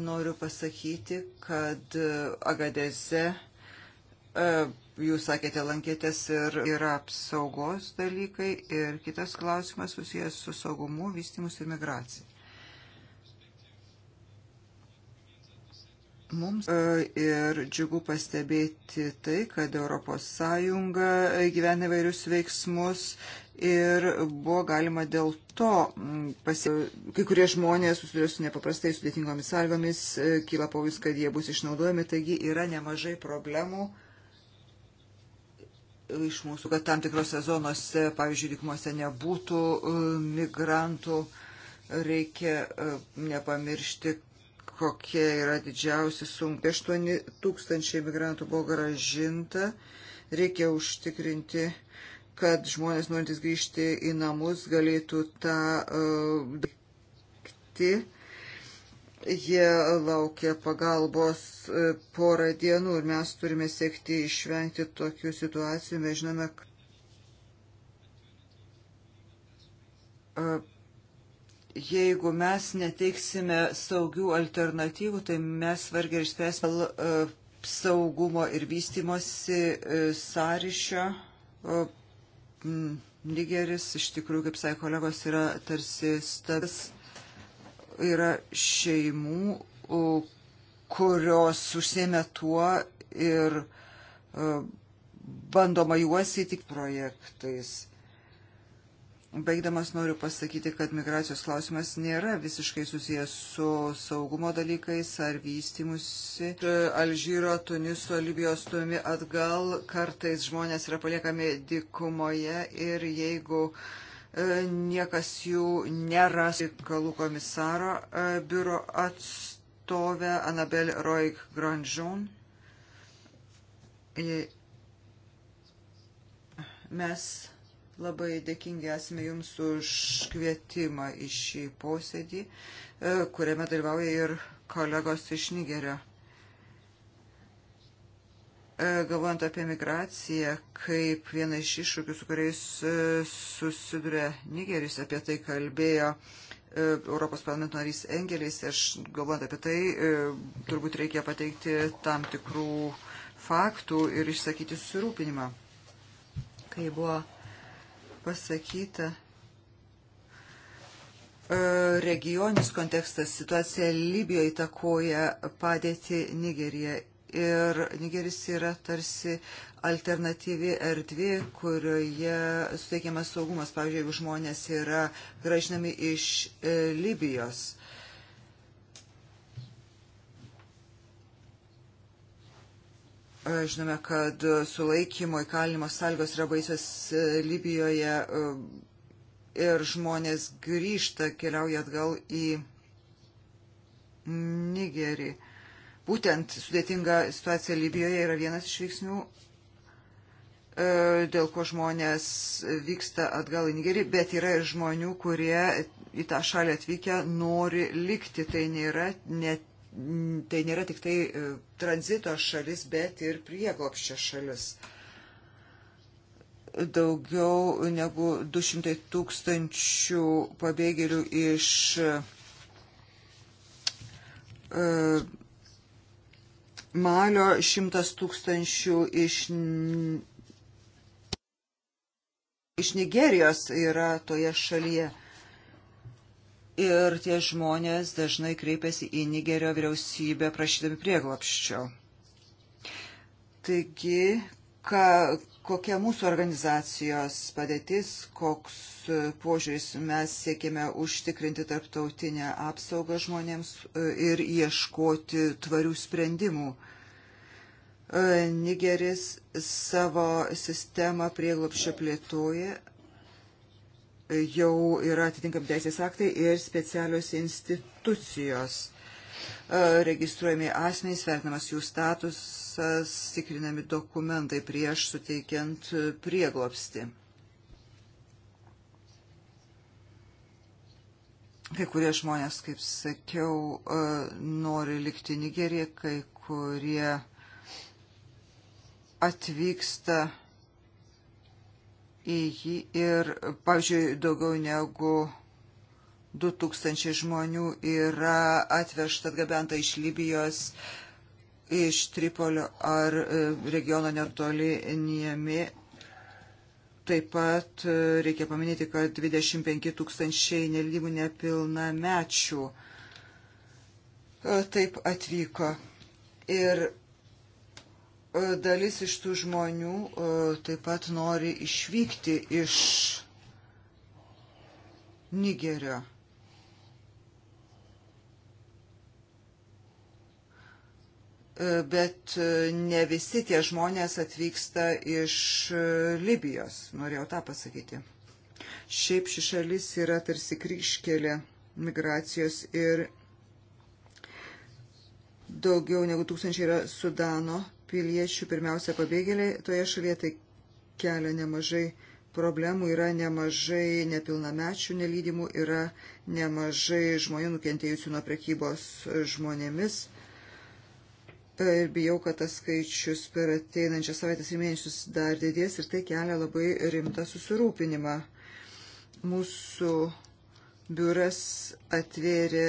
noriu pasakyti, kad Agadeze jūs sakėte, lankėtės ir yra apsaugos dalykai ir kitas klausimas susijęs su saugumu, vystimus ir migracija. Mums e, ir džiugu pastebėti tai, kad ES gyvena vairius veiksmus ir buvo galima dėl to, pasie... kai kurie žmonės susiduria su nepaprastai sudėtingomis sąlygomis, e, kyla pavojus, kad jie bus išnaudojami, taigi yra nemažai problemų iš mūsų, kad tam tikrose zonose, pavyzdžiui, dykumose nebūtų e, migrantų. Reikia e, nepamiršti, kokie yra didžiausi sunkiai. 8 tūkstančiai migrantų buvo gražinta. Reikia užtikrinti, kad žmonės norintys grįžti į namus galėtų tą uh, e, daryti Jie laukia pagalbos e, porą dienų ir mes turime siekti išvengti tokių situacijų. Mes žinome, jeigu mes neteiksime saugių alternatyvų, tai mes vargiai išspręsime e, saugumo ir vystimosi e, sąryšio. Nigeris, iš tikrųjų, kaip sakė kolegos, yra tarsi stabs yra šeimų, kurios užsėmė tuo ir e, bandoma juos įtik projektais. Baigdamas noriu pasakyti, kad migracijos klausimas nėra visiškai susijęs su saugumo dalykais ar vystimusi. E, Alžyro, Tuniso, Libijos stumi atgal, kartais žmonės yra paliekami dikumoje ir jeigu uh, E, niekas jų neras. Kalų komisaro e, biuro atstovė Anabel Roig Grandžon. E, mes labai dėkingi esame Jums už kvietimą į šį posėdį, kuriame dalyvauja ir kolegos iš Nigerio. E, galvojant apie migraciją, kaip vieną iš iššūkių, su kuriais e, susiduria Nigeris, apie tai kalbėjo e, Europos parlamento narys Engelis. Aš galvojant apie tai, turbūt reikia pateikti tam tikrų faktų ir išsakyti susirūpinimą. Kai buvo pasakyta, regionis kontekstas, situacija Libijoje įtakoja padėti Nigeriją ir Nigeris yra tarsi alternatyvi erdvė, kurioje suteikiamas saugumas, pavyzdžiui, jeigu žmonės yra gražinami iš e, Libijos. E, žinome, kad sulaikymo įkalinimo sąlygos yra baisios e, Libijoje ir žmonės grįžta, keliauja atgal į Nigerį būtent sudėtinga situacija Libijoje yra vienas iš veiksnių, e, dėl ko žmonės vyksta atgal į Nigerį, bet yra ir žmonių, kurie į tą šalį atvykę nori likti. Tai nėra, ne, tai nėra tik tai e, tranzito šalis, bet ir prieglopščio šalis daugiau negu 200 tūkstančių pabėgėlių iš e, Malio šimtas tūkstančių iš, iš Nigerijos yra toje šalyje. Ir tie žmonės dažnai kreipiasi į Nigerio vyriausybę prašydami prieglapščio. Taigi, ką, kokia mūsų organizacijos padėtis, koks požiūris mes siekime užtikrinti tarptautinę apsaugą žmonėms e, ir ieškoti tvarių sprendimų. E, Nigeris savo sistemą prieglopščio plėtoja, jau yra atitinkami teisės aktai ir specialios institucijos E, registruojami asmenys, vertinamas jų statusas, tikrinami dokumentai prieš suteikiant prieglopsti. Kai kurie žmonės, kaip sakiau, e, nori likti Nigerija, kai kurie atvyksta į jį ir, pavyzdžiui, daugiau negu 2000 žmonių yra atvežta atgabenta iš Libijos, iš Tripolio ar e, regiono netoli Niemi. Taip pat e, reikia paminėti, kad 25 tūkstančiai nelydimų nepilnamečių e, taip atvyko. Ir dalis iš tų žmonių taip pat nori išvykti iš Nigerio. bet e, ne visi tie žmonės atvyksta iš e, Libijos, norėjau tą pasakyti. Šiaip ši šalis yra tarsi kryškelė migracijos ir daugiau negu tūkstančiai yra Sudano piliečių, pirmiausia pabėgėliai toje šalyje, tai kelia nemažai problemų, yra nemažai nepilnamečių nelydimų, yra nemažai žmonių nukentėjusių nuo prekybos žmonėmis. Ir e, bijau, kad tas skaičius per ateinančią savaitęs ir mėnesius dar didės ir tai kelia labai rimtą susirūpinimą. Mūsų biuras atvėrė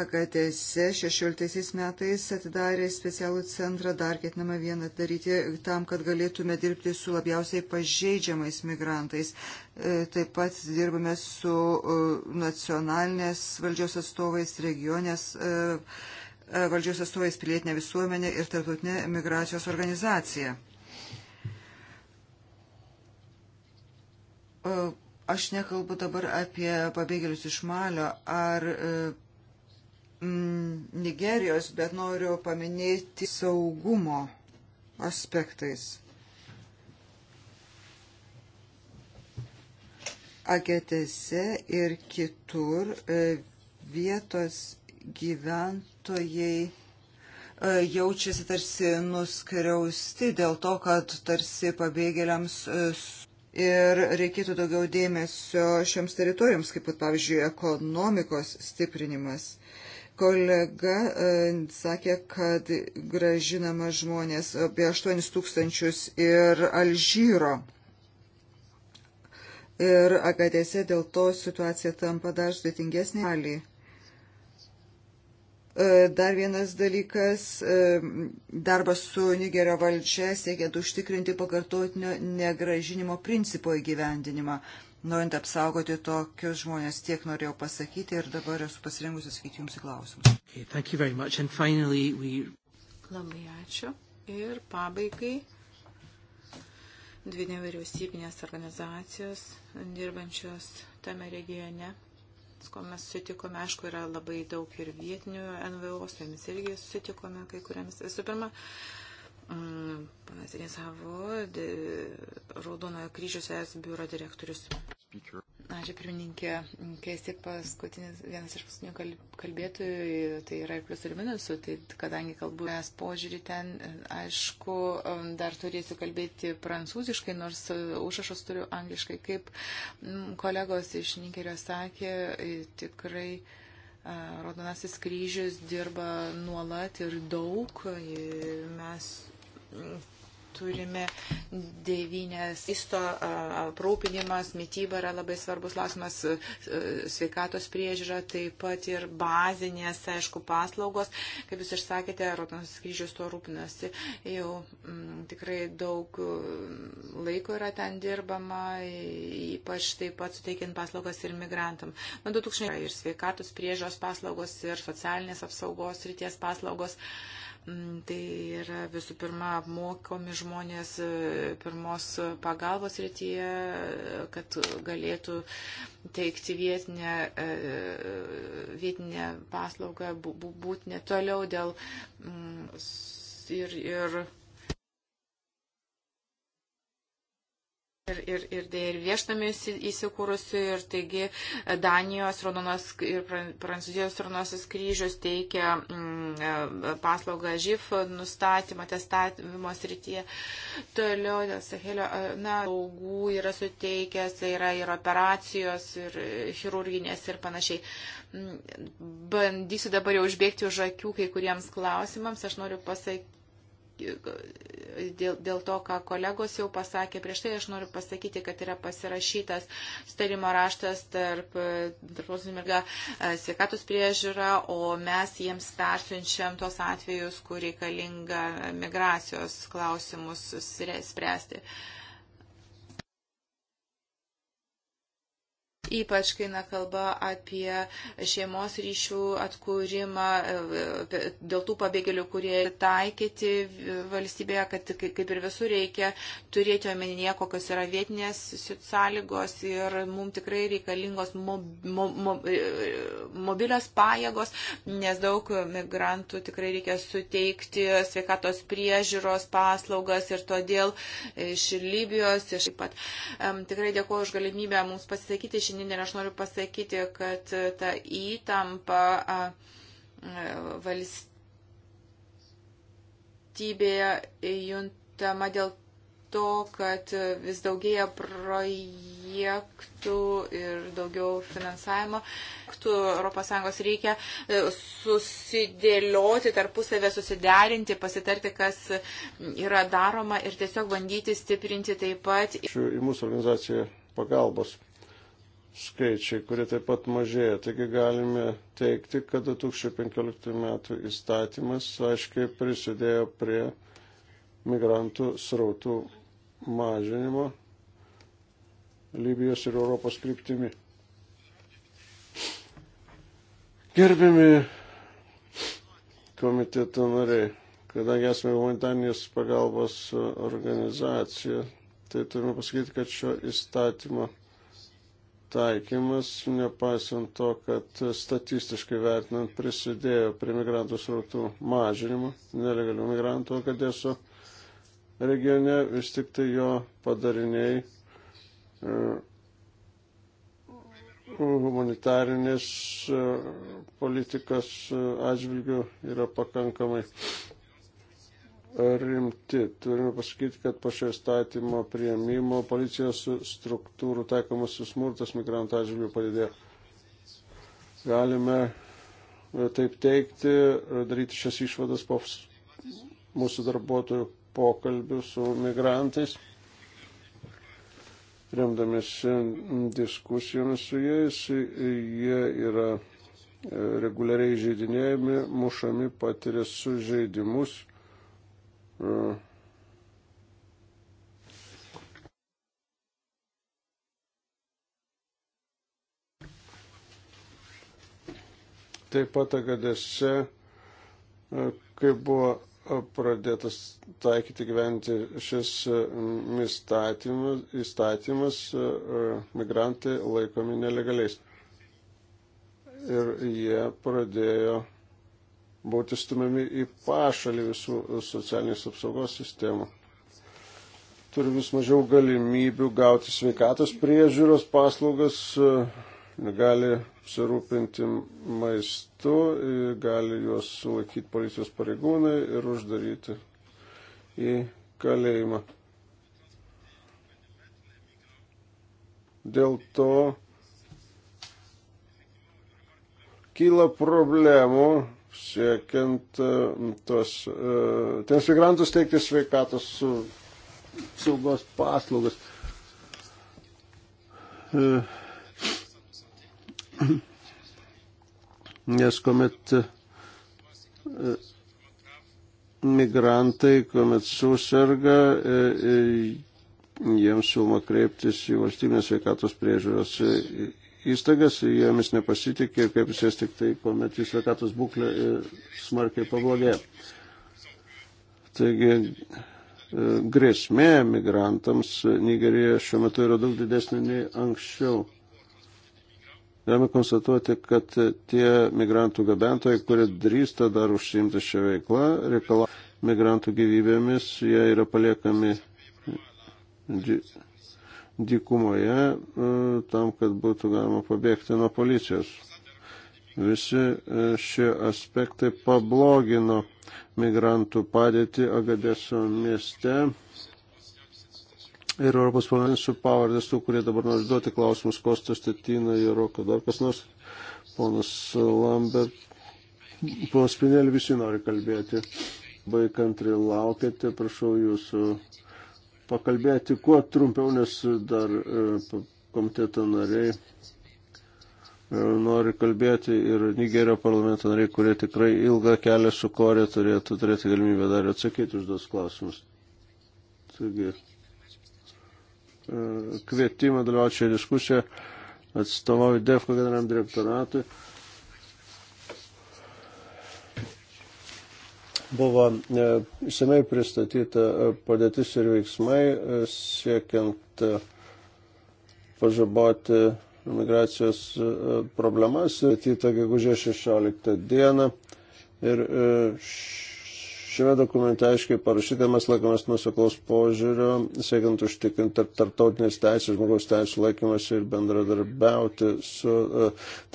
Agatėse 16 metais atidarė specialų centrą, dar ketinama vieną daryti tam, kad galėtume dirbti su labiausiai pažeidžiamais migrantais. E, taip pat dirbame su e, nacionalinės valdžios atstovais, regionės valdžios atstovais pilietinė visuomenė ir tarptautinė migracijos organizacija. Aš nekalbu dabar apie pabėgėlius iš Malio ar e, Nigerijos, bet noriu paminėti saugumo aspektais. Agetėse ir kitur e, vietos gyvent vartotojai e, jaučiasi tarsi nuskriausti dėl to, kad tarsi pabėgėliams e, ir reikėtų daugiau dėmesio šioms teritorijoms, kaip pat, pavyzdžiui, ekonomikos stiprinimas. Kolega e, sakė, kad gražinama žmonės apie 8 tūkstančius ir Alžyro. Ir Agadėse dėl to situacija tampa dar sudėtingesnė. E, dar vienas dalykas e, - darbas su Nigerio valdžia siekiant užtikrinti pakartotinio negražinimo principo įgyvendinimą. Norint apsaugoti tokius žmonės, tiek norėjau pasakyti ir dabar esu pasirengusi atsakyti Jums į klausimus. Okay, finally, we... Labai ačiū. Ir pabaigai dvi nevyriausybinės organizacijos dirbančios tame regione su kuo mes sutikome, aišku, yra labai daug ir vietinių NVO, su jomis irgi sutikome kai kuriamis. Visų pirma, mm, panas Rinsavo, Raudonojo kryžiaus ES biuro direktorius. Speaker. Ačiū pirmininkė, kai esi paskutinis, vienas iš paskutinių kalbėtojų, tai yra ir pliusų ir minusų, tai kadangi kalbu mes požiūrį ten, aišku, dar turėsiu kalbėti prancūziškai, nors užrašus turiu angliškai, kaip mm, kolegos iš Nigerio sakė, tikrai. Raudonasis kryžius dirba nuolat ir daug. Mes mm, turime devynės. Isto aprūpinimas, mytyba yra labai svarbus klausimas, sveikatos priežiūra, taip pat ir bazinės, aišku, paslaugos. Kaip jūs ir sakėte, Rotonas kryžius tuo rūpinasi. Jau m, mm, tikrai daug mm, laiko yra ten dirbama, ypač taip pat suteikiant paslaugas ir migrantam. Nuo 2000 ir sveikatos priežiūros paslaugos, ir socialinės apsaugos ryties paslaugos. Uh, Mm, tai yra visų pirma apmokomi žmonės e, pirmos pagalbos rytyje, kad galėtų teikti vietinę, e, e, vietinę paslaugą, būtinę toliau dėl mm, ir, ir Ir, ir, ir, ir viešnami įsikūrusi, ir taigi Danijos Raudonos ir Prancūzijos Raudonosios kryžius teikia mm, e, paslaugą žyf nustatymą, testavimo srityje. Toliau dėl Sahelio, e, na, saugų yra suteikęs, tai yra ir operacijos, ir chirurginės ir panašiai. Mm, bandysiu dabar jau užbėgti už akių kai kuriems klausimams. Aš noriu pasakyti dėl, dėl to, ką kolegos jau pasakė, prieš tai aš noriu pasakyti, kad yra pasirašytas starimo raštas tarp, e, tarp mirga e, sveikatos priežiūra, o mes jiems persiunčiam tos atvejus, kur reikalinga migracijos klausimus spręsti. Uh, ypač kai na kalba apie šeimos ryšių atkūrimą, e, e, dėl tų pabėgėlių, kurie taikyti valstybėje, kad kaip ir visur reikia turėti omenyje, kokios yra vietinės sąlygos ir mums tikrai reikalingos mob, mob, mob, e, mobilios pajėgos, nes daug migrantų tikrai reikia suteikti sveikatos priežiūros paslaugas ir todėl iš Libijos, iš taip pat. Tikrai dėkuoju už galimybę mums pasisakyti šiandien Niner, aš noriu pasakyti, kad e, ta įtampa e, valstybėje juntama dėl to, kad vis daugėja projektų ir daugiau finansavimo. ES reikia e, susidėlioti tarpusavę, susiderinti, pasitarti, kas yra daroma ir tiesiog bandyti stiprinti taip pat. Į mūsų organizaciją pagalbos skaičiai, kurie taip pat mažėja. Taigi galime teikti, kad 2015 metų įstatymas aiškiai prisidėjo prie migrantų srautų mažinimo Libijos ir Europos kryptimi. Gerbiami komiteto nariai, kadangi esame humanitarnės pagalbos organizacija, tai turime pasakyti, kad šio įstatymo taikymas, nepaisant to, kad statistiškai vertinant prisidėjo prie migrantų srautų mažinimo, nelegalių migrantų Akadeso regione, vis tik tai jo padariniai e, humanitarinės e, politikos atžvilgių yra pakankamai rimti. Turime pasakyti, kad po šio įstatymo prieimimo policijos struktūrų taikomas smurtas migrantų atžvilgių padidėjo. Galime e, taip teikti, e, daryti šias išvadas po mūsų darbuotojų pokalbių su migrantais, remdamėsi diskusijomis su jais, jie yra e, reguliariai žaidinėjami, mušami, patiria sužeidimus Taip pat Agadėse, e, kai buvo pradėtas taikyti gyventi šis e, įstatymas, įstatymas e, migrantai laikomi nelegaliais. Ir jie pradėjo būti stumiami į pašalį visų socialinės apsaugos sistemų. Turi vis mažiau galimybių gauti sveikatos priežiūros paslaugas, gali apsirūpinti maistu, gali juos sulaikyti policijos pareigūnai ir uždaryti į kalėjimą. Dėl to kyla problemų siekiant e, tos, e, tiems migrantus teikti sveikatos saugos paslaugas. E, *clears throat* nes kuomet migrantai, kuomet susirga, jiems siūloma kreiptis į valstybinės sveikatos priežiūros įstaigas, jomis nepasitikė, kaip jis jas tik tai, kuomet jų sveikatos būklė e, smarkiai pablogėjo. Taigi e, grėsmė migrantams Nigerijoje šiuo metu yra daug didesnė nei anksčiau. Galime konstatuoti, kad tie migrantų gabentojai, kurie drįsta dar užsiimti šią veiklą, reikalauja migrantų gyvybėmis, jie yra paliekami dykumoje e, tam, kad būtų galima pabėgti nuo policijos. Visi e, šie aspektai pablogino migrantų padėtį Agadeso mieste. Ir Europos parlamentas su pavardės tų, kurie dabar nori duoti klausimus, Kostas Tetina, Joroka, dar kas nors, ponas Lambert, ponas Pinėlį, visi nori kalbėti. Baikantriai laukite, prašau jūsų pakalbėti kuo trumpiau, nes dar e, komiteto nariai e, nori kalbėti ir Nigerio parlamento nariai, kurie tikrai ilgą kelią sukorė, turėtų turėti galimybę dar atsakyti už tos klausimus. Taigi, e, kvietimą dalyvauti šią diskusiją atstovauju DEFCO generaliniam direktoratui. buvo e, išsamei pristatyta e, padėtis ir veiksmai e, siekiant pažaboti migracijos problemas, atyta gegužė 16 dieną. Ir šiame dokumente aiškiai parašyta, mes laikomės nuseklaus požiūrio, siekiant užtikrinti tarptautinės teisės, žmogaus teisų laikymasi ir bendradarbiauti su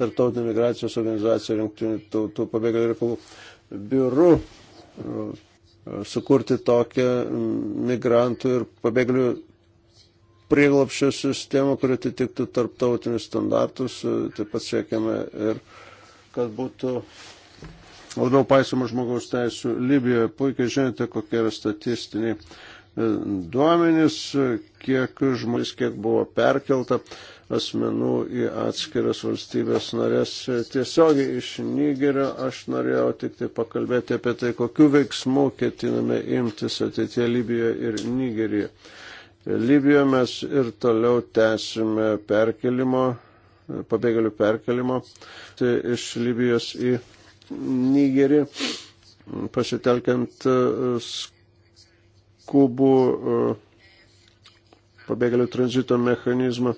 tarptautinė migracijos organizacija rinktinių tautų pabėgėlių reikalų biuru E, sukurti tokią migrantų ir pabėgėlių prieglapščio sistemą, kuri atitiktų tarptautinius standartus. E, taip pat siekiame ir kad būtų labiau paisoma žmogaus teisų Libijoje. Puikiai žinote, kokie yra statistiniai duomenis, kiek žmonės, kiek buvo perkelta asmenų į atskiras valstybės narės tiesiogiai iš Nigerio. Aš norėjau tik tai pakalbėti apie tai, kokiu veiksmu ketiname imtis ateitie Libijoje ir Nigerijoje. Libijoje mes ir toliau tęsime perkelimo, pabėgėlių perkelimo tai iš Libijos į Nigerį, pasitelkiant kubų e, pabėgėlių tranzito mechanizmą,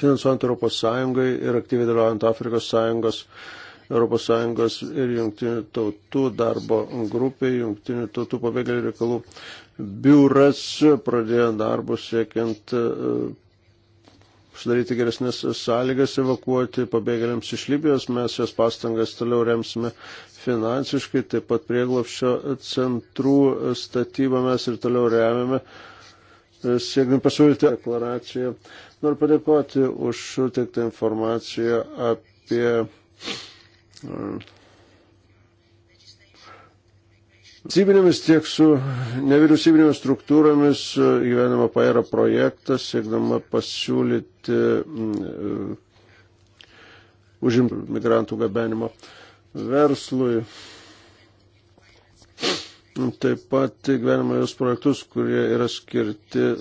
finansuojant Europos Sąjungai ir aktyviai dalyvaujant Afrikos Sąjungos, Europos Sąjungos ir jungtinių tautų darbo grupė, jungtinių tautų pabėgėlių reikalų biuras pradėjo darbus siekiant e, sudaryti geresnės sąlygas evakuoti pabėgėliams iš Libijos. Mes jos pastangas toliau remsime finansiškai, taip pat prieglopščio centrų statybą mes ir toliau remiame. E, siekdami pasiūlyti deklaraciją. Noriu padėkoti už suteiktą informaciją apie e, Cybinėmis tiek su nevyriausybinėmis struktūromis e, gyvenama paėra projektas, siekdama pasiūlyti e, užimtų migrantų gabenimo verslui. Taip pat gyvenimo jos projektus, kurie yra skirti e,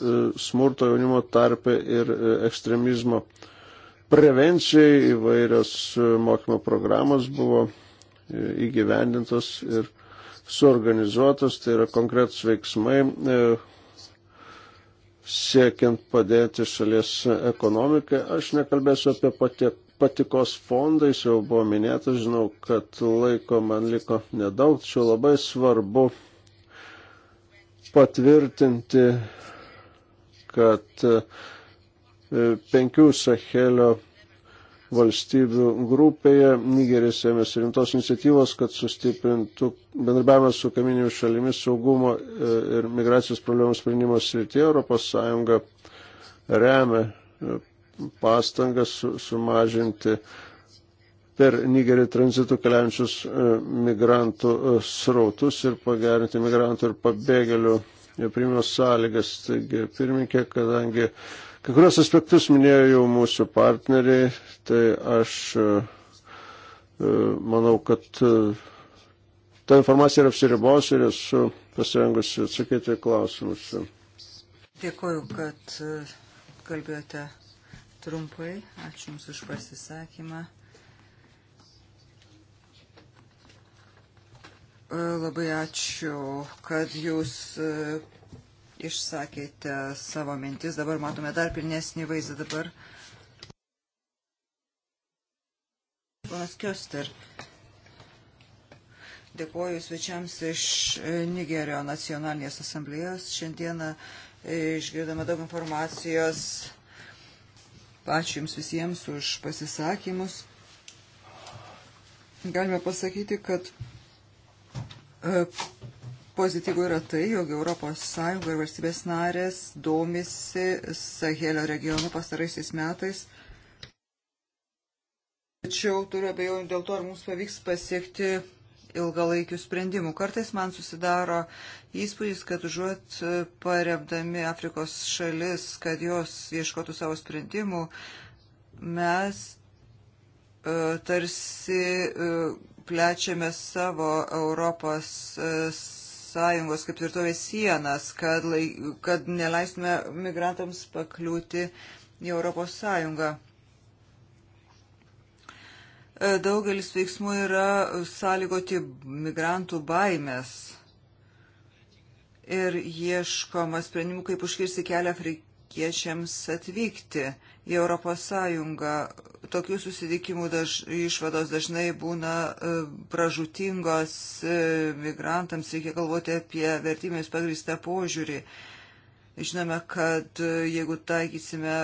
smurto jaunimo tarpe ir ekstremizmo prevencijai, įvairios mokymo programos buvo įgyvendintos ir suorganizuotas, tai yra konkretus veiksmai e, siekiant padėti šalies ekonomikai. Aš nekalbėsiu apie patie, patikos fondai, jau buvo minėta, žinau, kad laiko man liko nedaug, tačiau labai svarbu patvirtinti, kad e, penkių Sahelio valstybių grupėje. Nigeris ėmėsi rimtos iniciatyvos, kad sustiprintų bendrabiavimą su kaminėmis šalimis saugumo e, ir migracijos problemų sprendimo srityje. Europos Sąjunga remia e, pastangas sumažinti per Nigerį tranzitų keliančius e, migrantų srautus ir pagerinti migrantų ir pabėgėlių priimimo sąlygas. Taigi, pirmininkė, kadangi Kai kurios aspektus minėjo jau mūsų partneriai, tai aš e, e, manau, kad e, ta informacija yra apsiribos ir esu pasirengusi atsakyti klausimus. Dėkuoju, kad kalbėjote trumpai. Ačiū Jums už pasisakymą. Labai ačiū, kad Jūs išsakėte savo mintis, dabar matome dar pilnesnį vaizdą dabar. Ponas Kioster, dėkuoju svečiams iš Nigerio nacionalinės asamblėjos. Šiandieną išgirdome daug informacijos. Ačiū Jums visiems už pasisakymus. Galime pasakyti, kad e, pozityvų yra tai, jog ES ir valstybės narės domisi Sahelio regionu pastaraisiais metais. Tačiau turiu abejonių dėl to, ar mums pavyks pasiekti ilgalaikių sprendimų. Kartais man susidaro įspūdis, kad užuot paremdami Afrikos šalis, kad jos ieškotų savo sprendimų, mes e, tarsi e, plečiame savo Europos e, Sąjungos kaip tvirtovės sienas, kad, lai, kad neleistume migrantams pakliūti į Europos Sąjungą. E, daugelis veiksmų yra sąlygoti migrantų baimės ir ieškoma sprendimų, kaip užkirsti kelią afrikiečiams atvykti į Europos Sąjungą. Tokių susitikimų daž, išvados dažnai būna e, pražutingos e, migrantams, reikia galvoti apie vertimės pagrįstą požiūrį. Žinome, kad e, jeigu taikysime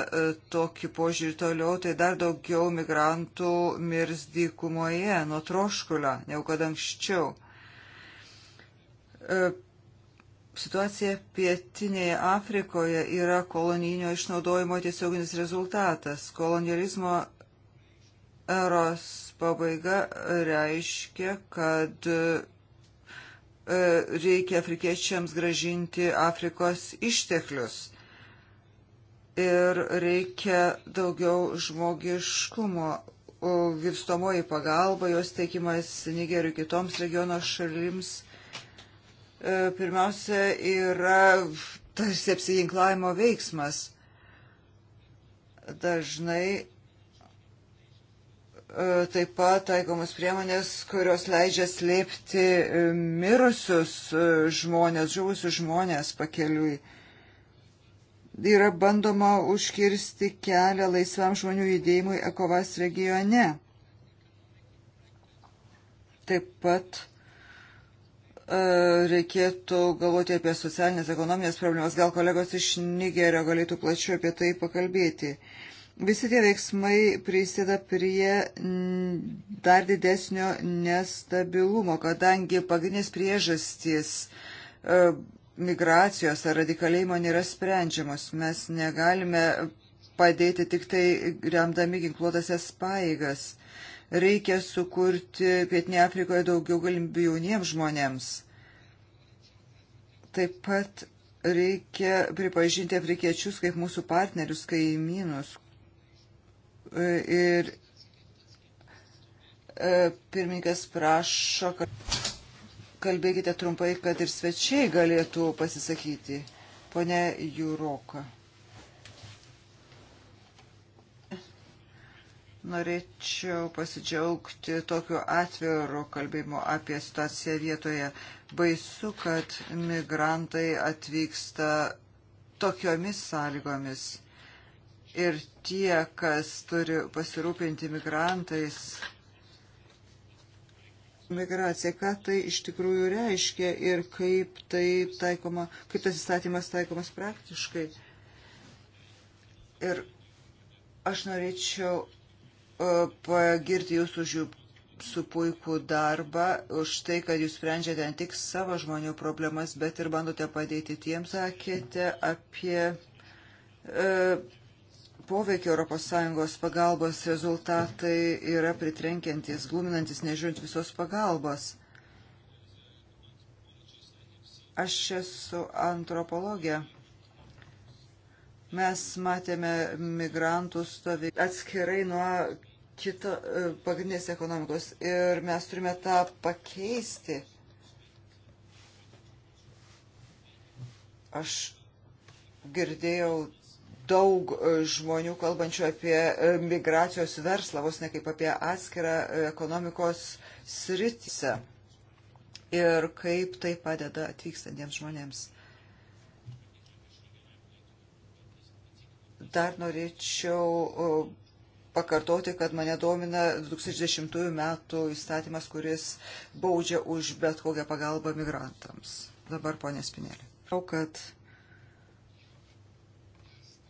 tokį požiūrį toliau, tai dar daugiau migrantų mirs dykumoje nuo troškulio, negu kad anksčiau Situacija pietinėje Afrikoje yra kolonijinio išnaudojimo tiesioginis rezultatas. Kolonializmo eros pabaiga reiškia, kad e, reikia afrikiečiams gražinti Afrikos išteklius ir reikia daugiau žmogiškumo. Virstomoji pagalba, jos teikimas Nigeriui kitoms regiono šalims E, pirmiausia yra tarsi apsiginklavimo veiksmas. Dažnai e, taip pat taikomas priemonės, kurios leidžia slėpti e, mirusius žmonės, žuvusius žmonės pakeliui. Yra bandoma užkirsti kelią laisvam žmonių judėjimui Ekovas regione. Taip pat E, reikėtų galvoti apie socialinės ekonominės problemas. Gal kolegos iš Nigerio galėtų plačiau apie tai pakalbėti. Visi tie veiksmai prisideda prie dar didesnio nestabilumo, kadangi pagrindinės priežastys e, migracijos ar radikalėjimo nėra sprendžiamos. Mes negalime padėti tik tai remdami ginkluotasias paėgas Reikia sukurti Pietinėje Afrikoje daugiau galimybių jauniems žmonėms. Taip pat reikia pripažinti afrikiečius kaip mūsų partnerius, kaimynus. E, ir e, pirmininkas prašo, kad kalbėkite trumpai, kad ir svečiai galėtų pasisakyti. Pone Jūroka. Norėčiau pasidžiaugti tokiu atviru kalbėjimu apie situaciją vietoje. Baisu, kad migrantai atvyksta tokiomis sąlygomis. Ir tie, kas turi pasirūpinti migrantais, migracija, ką tai iš tikrųjų reiškia ir kaip, tai taikoma, kaip tas įstatymas taikomas praktiškai. Ir aš norėčiau E, pagirti jūs už jų su puikų darbą, už tai, kad jūs sprendžiate ne tik savo žmonių problemas, bet ir bandote padėti tiems, sakėte, apie e, poveikį ES pagalbos rezultatai yra pritrenkiantis, gluminantis, nežiūrint visos pagalbos. Aš esu antropologija Mes matėme migrantų stovį atskirai nuo kito e, pagrindinės ekonomikos ir mes turime tą pakeisti. Aš girdėjau daug e, žmonių kalbančių apie e, migracijos verslą, vos ne kaip apie atskirą ekonomikos sritise ir kaip tai padeda atvykstantiems žmonėms. Dar norėčiau pakartoti, kad mane domina 2010 metų įstatymas, kuris baudžia už bet kokią pagalbą migrantams. Dabar, ponė Spinelė. Žinau, kad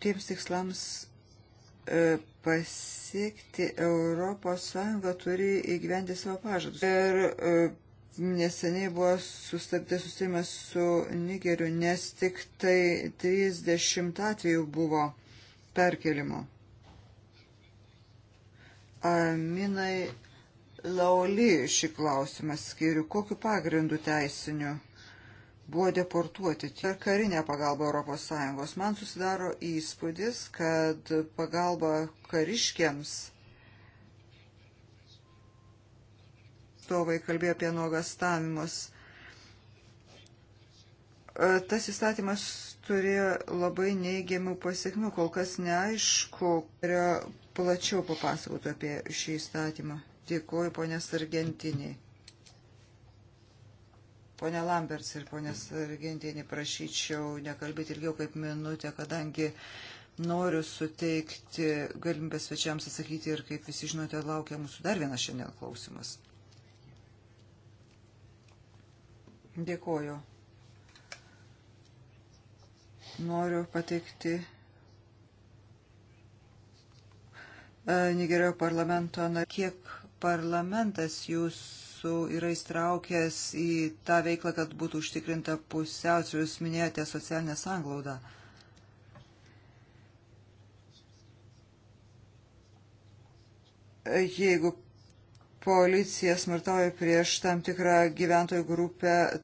tiems tikslams e, pasiekti ES turi įgyventi savo pažadus. Ir e, neseniai buvo sustabdęs susitikimas su Nigeriu, nes tik tai 30 atvejų buvo perkelimo. Aminai Laoli šį klausimą skiriu. Kokiu pagrindu teisiniu buvo deportuoti per karinę pagalbą Europos Sąjungos? Man susidaro įspūdis, kad pagalba kariškiams stovai kalbėjo apie nuogastavimus E, tas įstatymas turėjo labai neigiamų pasiekmių, kol kas neaišku, yra plačiau papasakot apie šį įstatymą. Dėkuoju ponės Argentiniai. Pone Lamberts ir ponės Argentinį prašyčiau nekalbėti ilgiau kaip minutę, kadangi noriu suteikti galimybę svečiams atsakyti ir kaip visi žinote, laukia mūsų dar vienas šiandien klausimas. Dėkuoju. Noriu pateikti e, Nigerio parlamento, kiek parlamentas jūsų yra įstraukęs į tą veiklą, kad būtų užtikrinta pusiausvė, jūs minėjote socialinę sanglaudą. Jeigu policija smartauja prieš tam tikrą gyventojų grupę,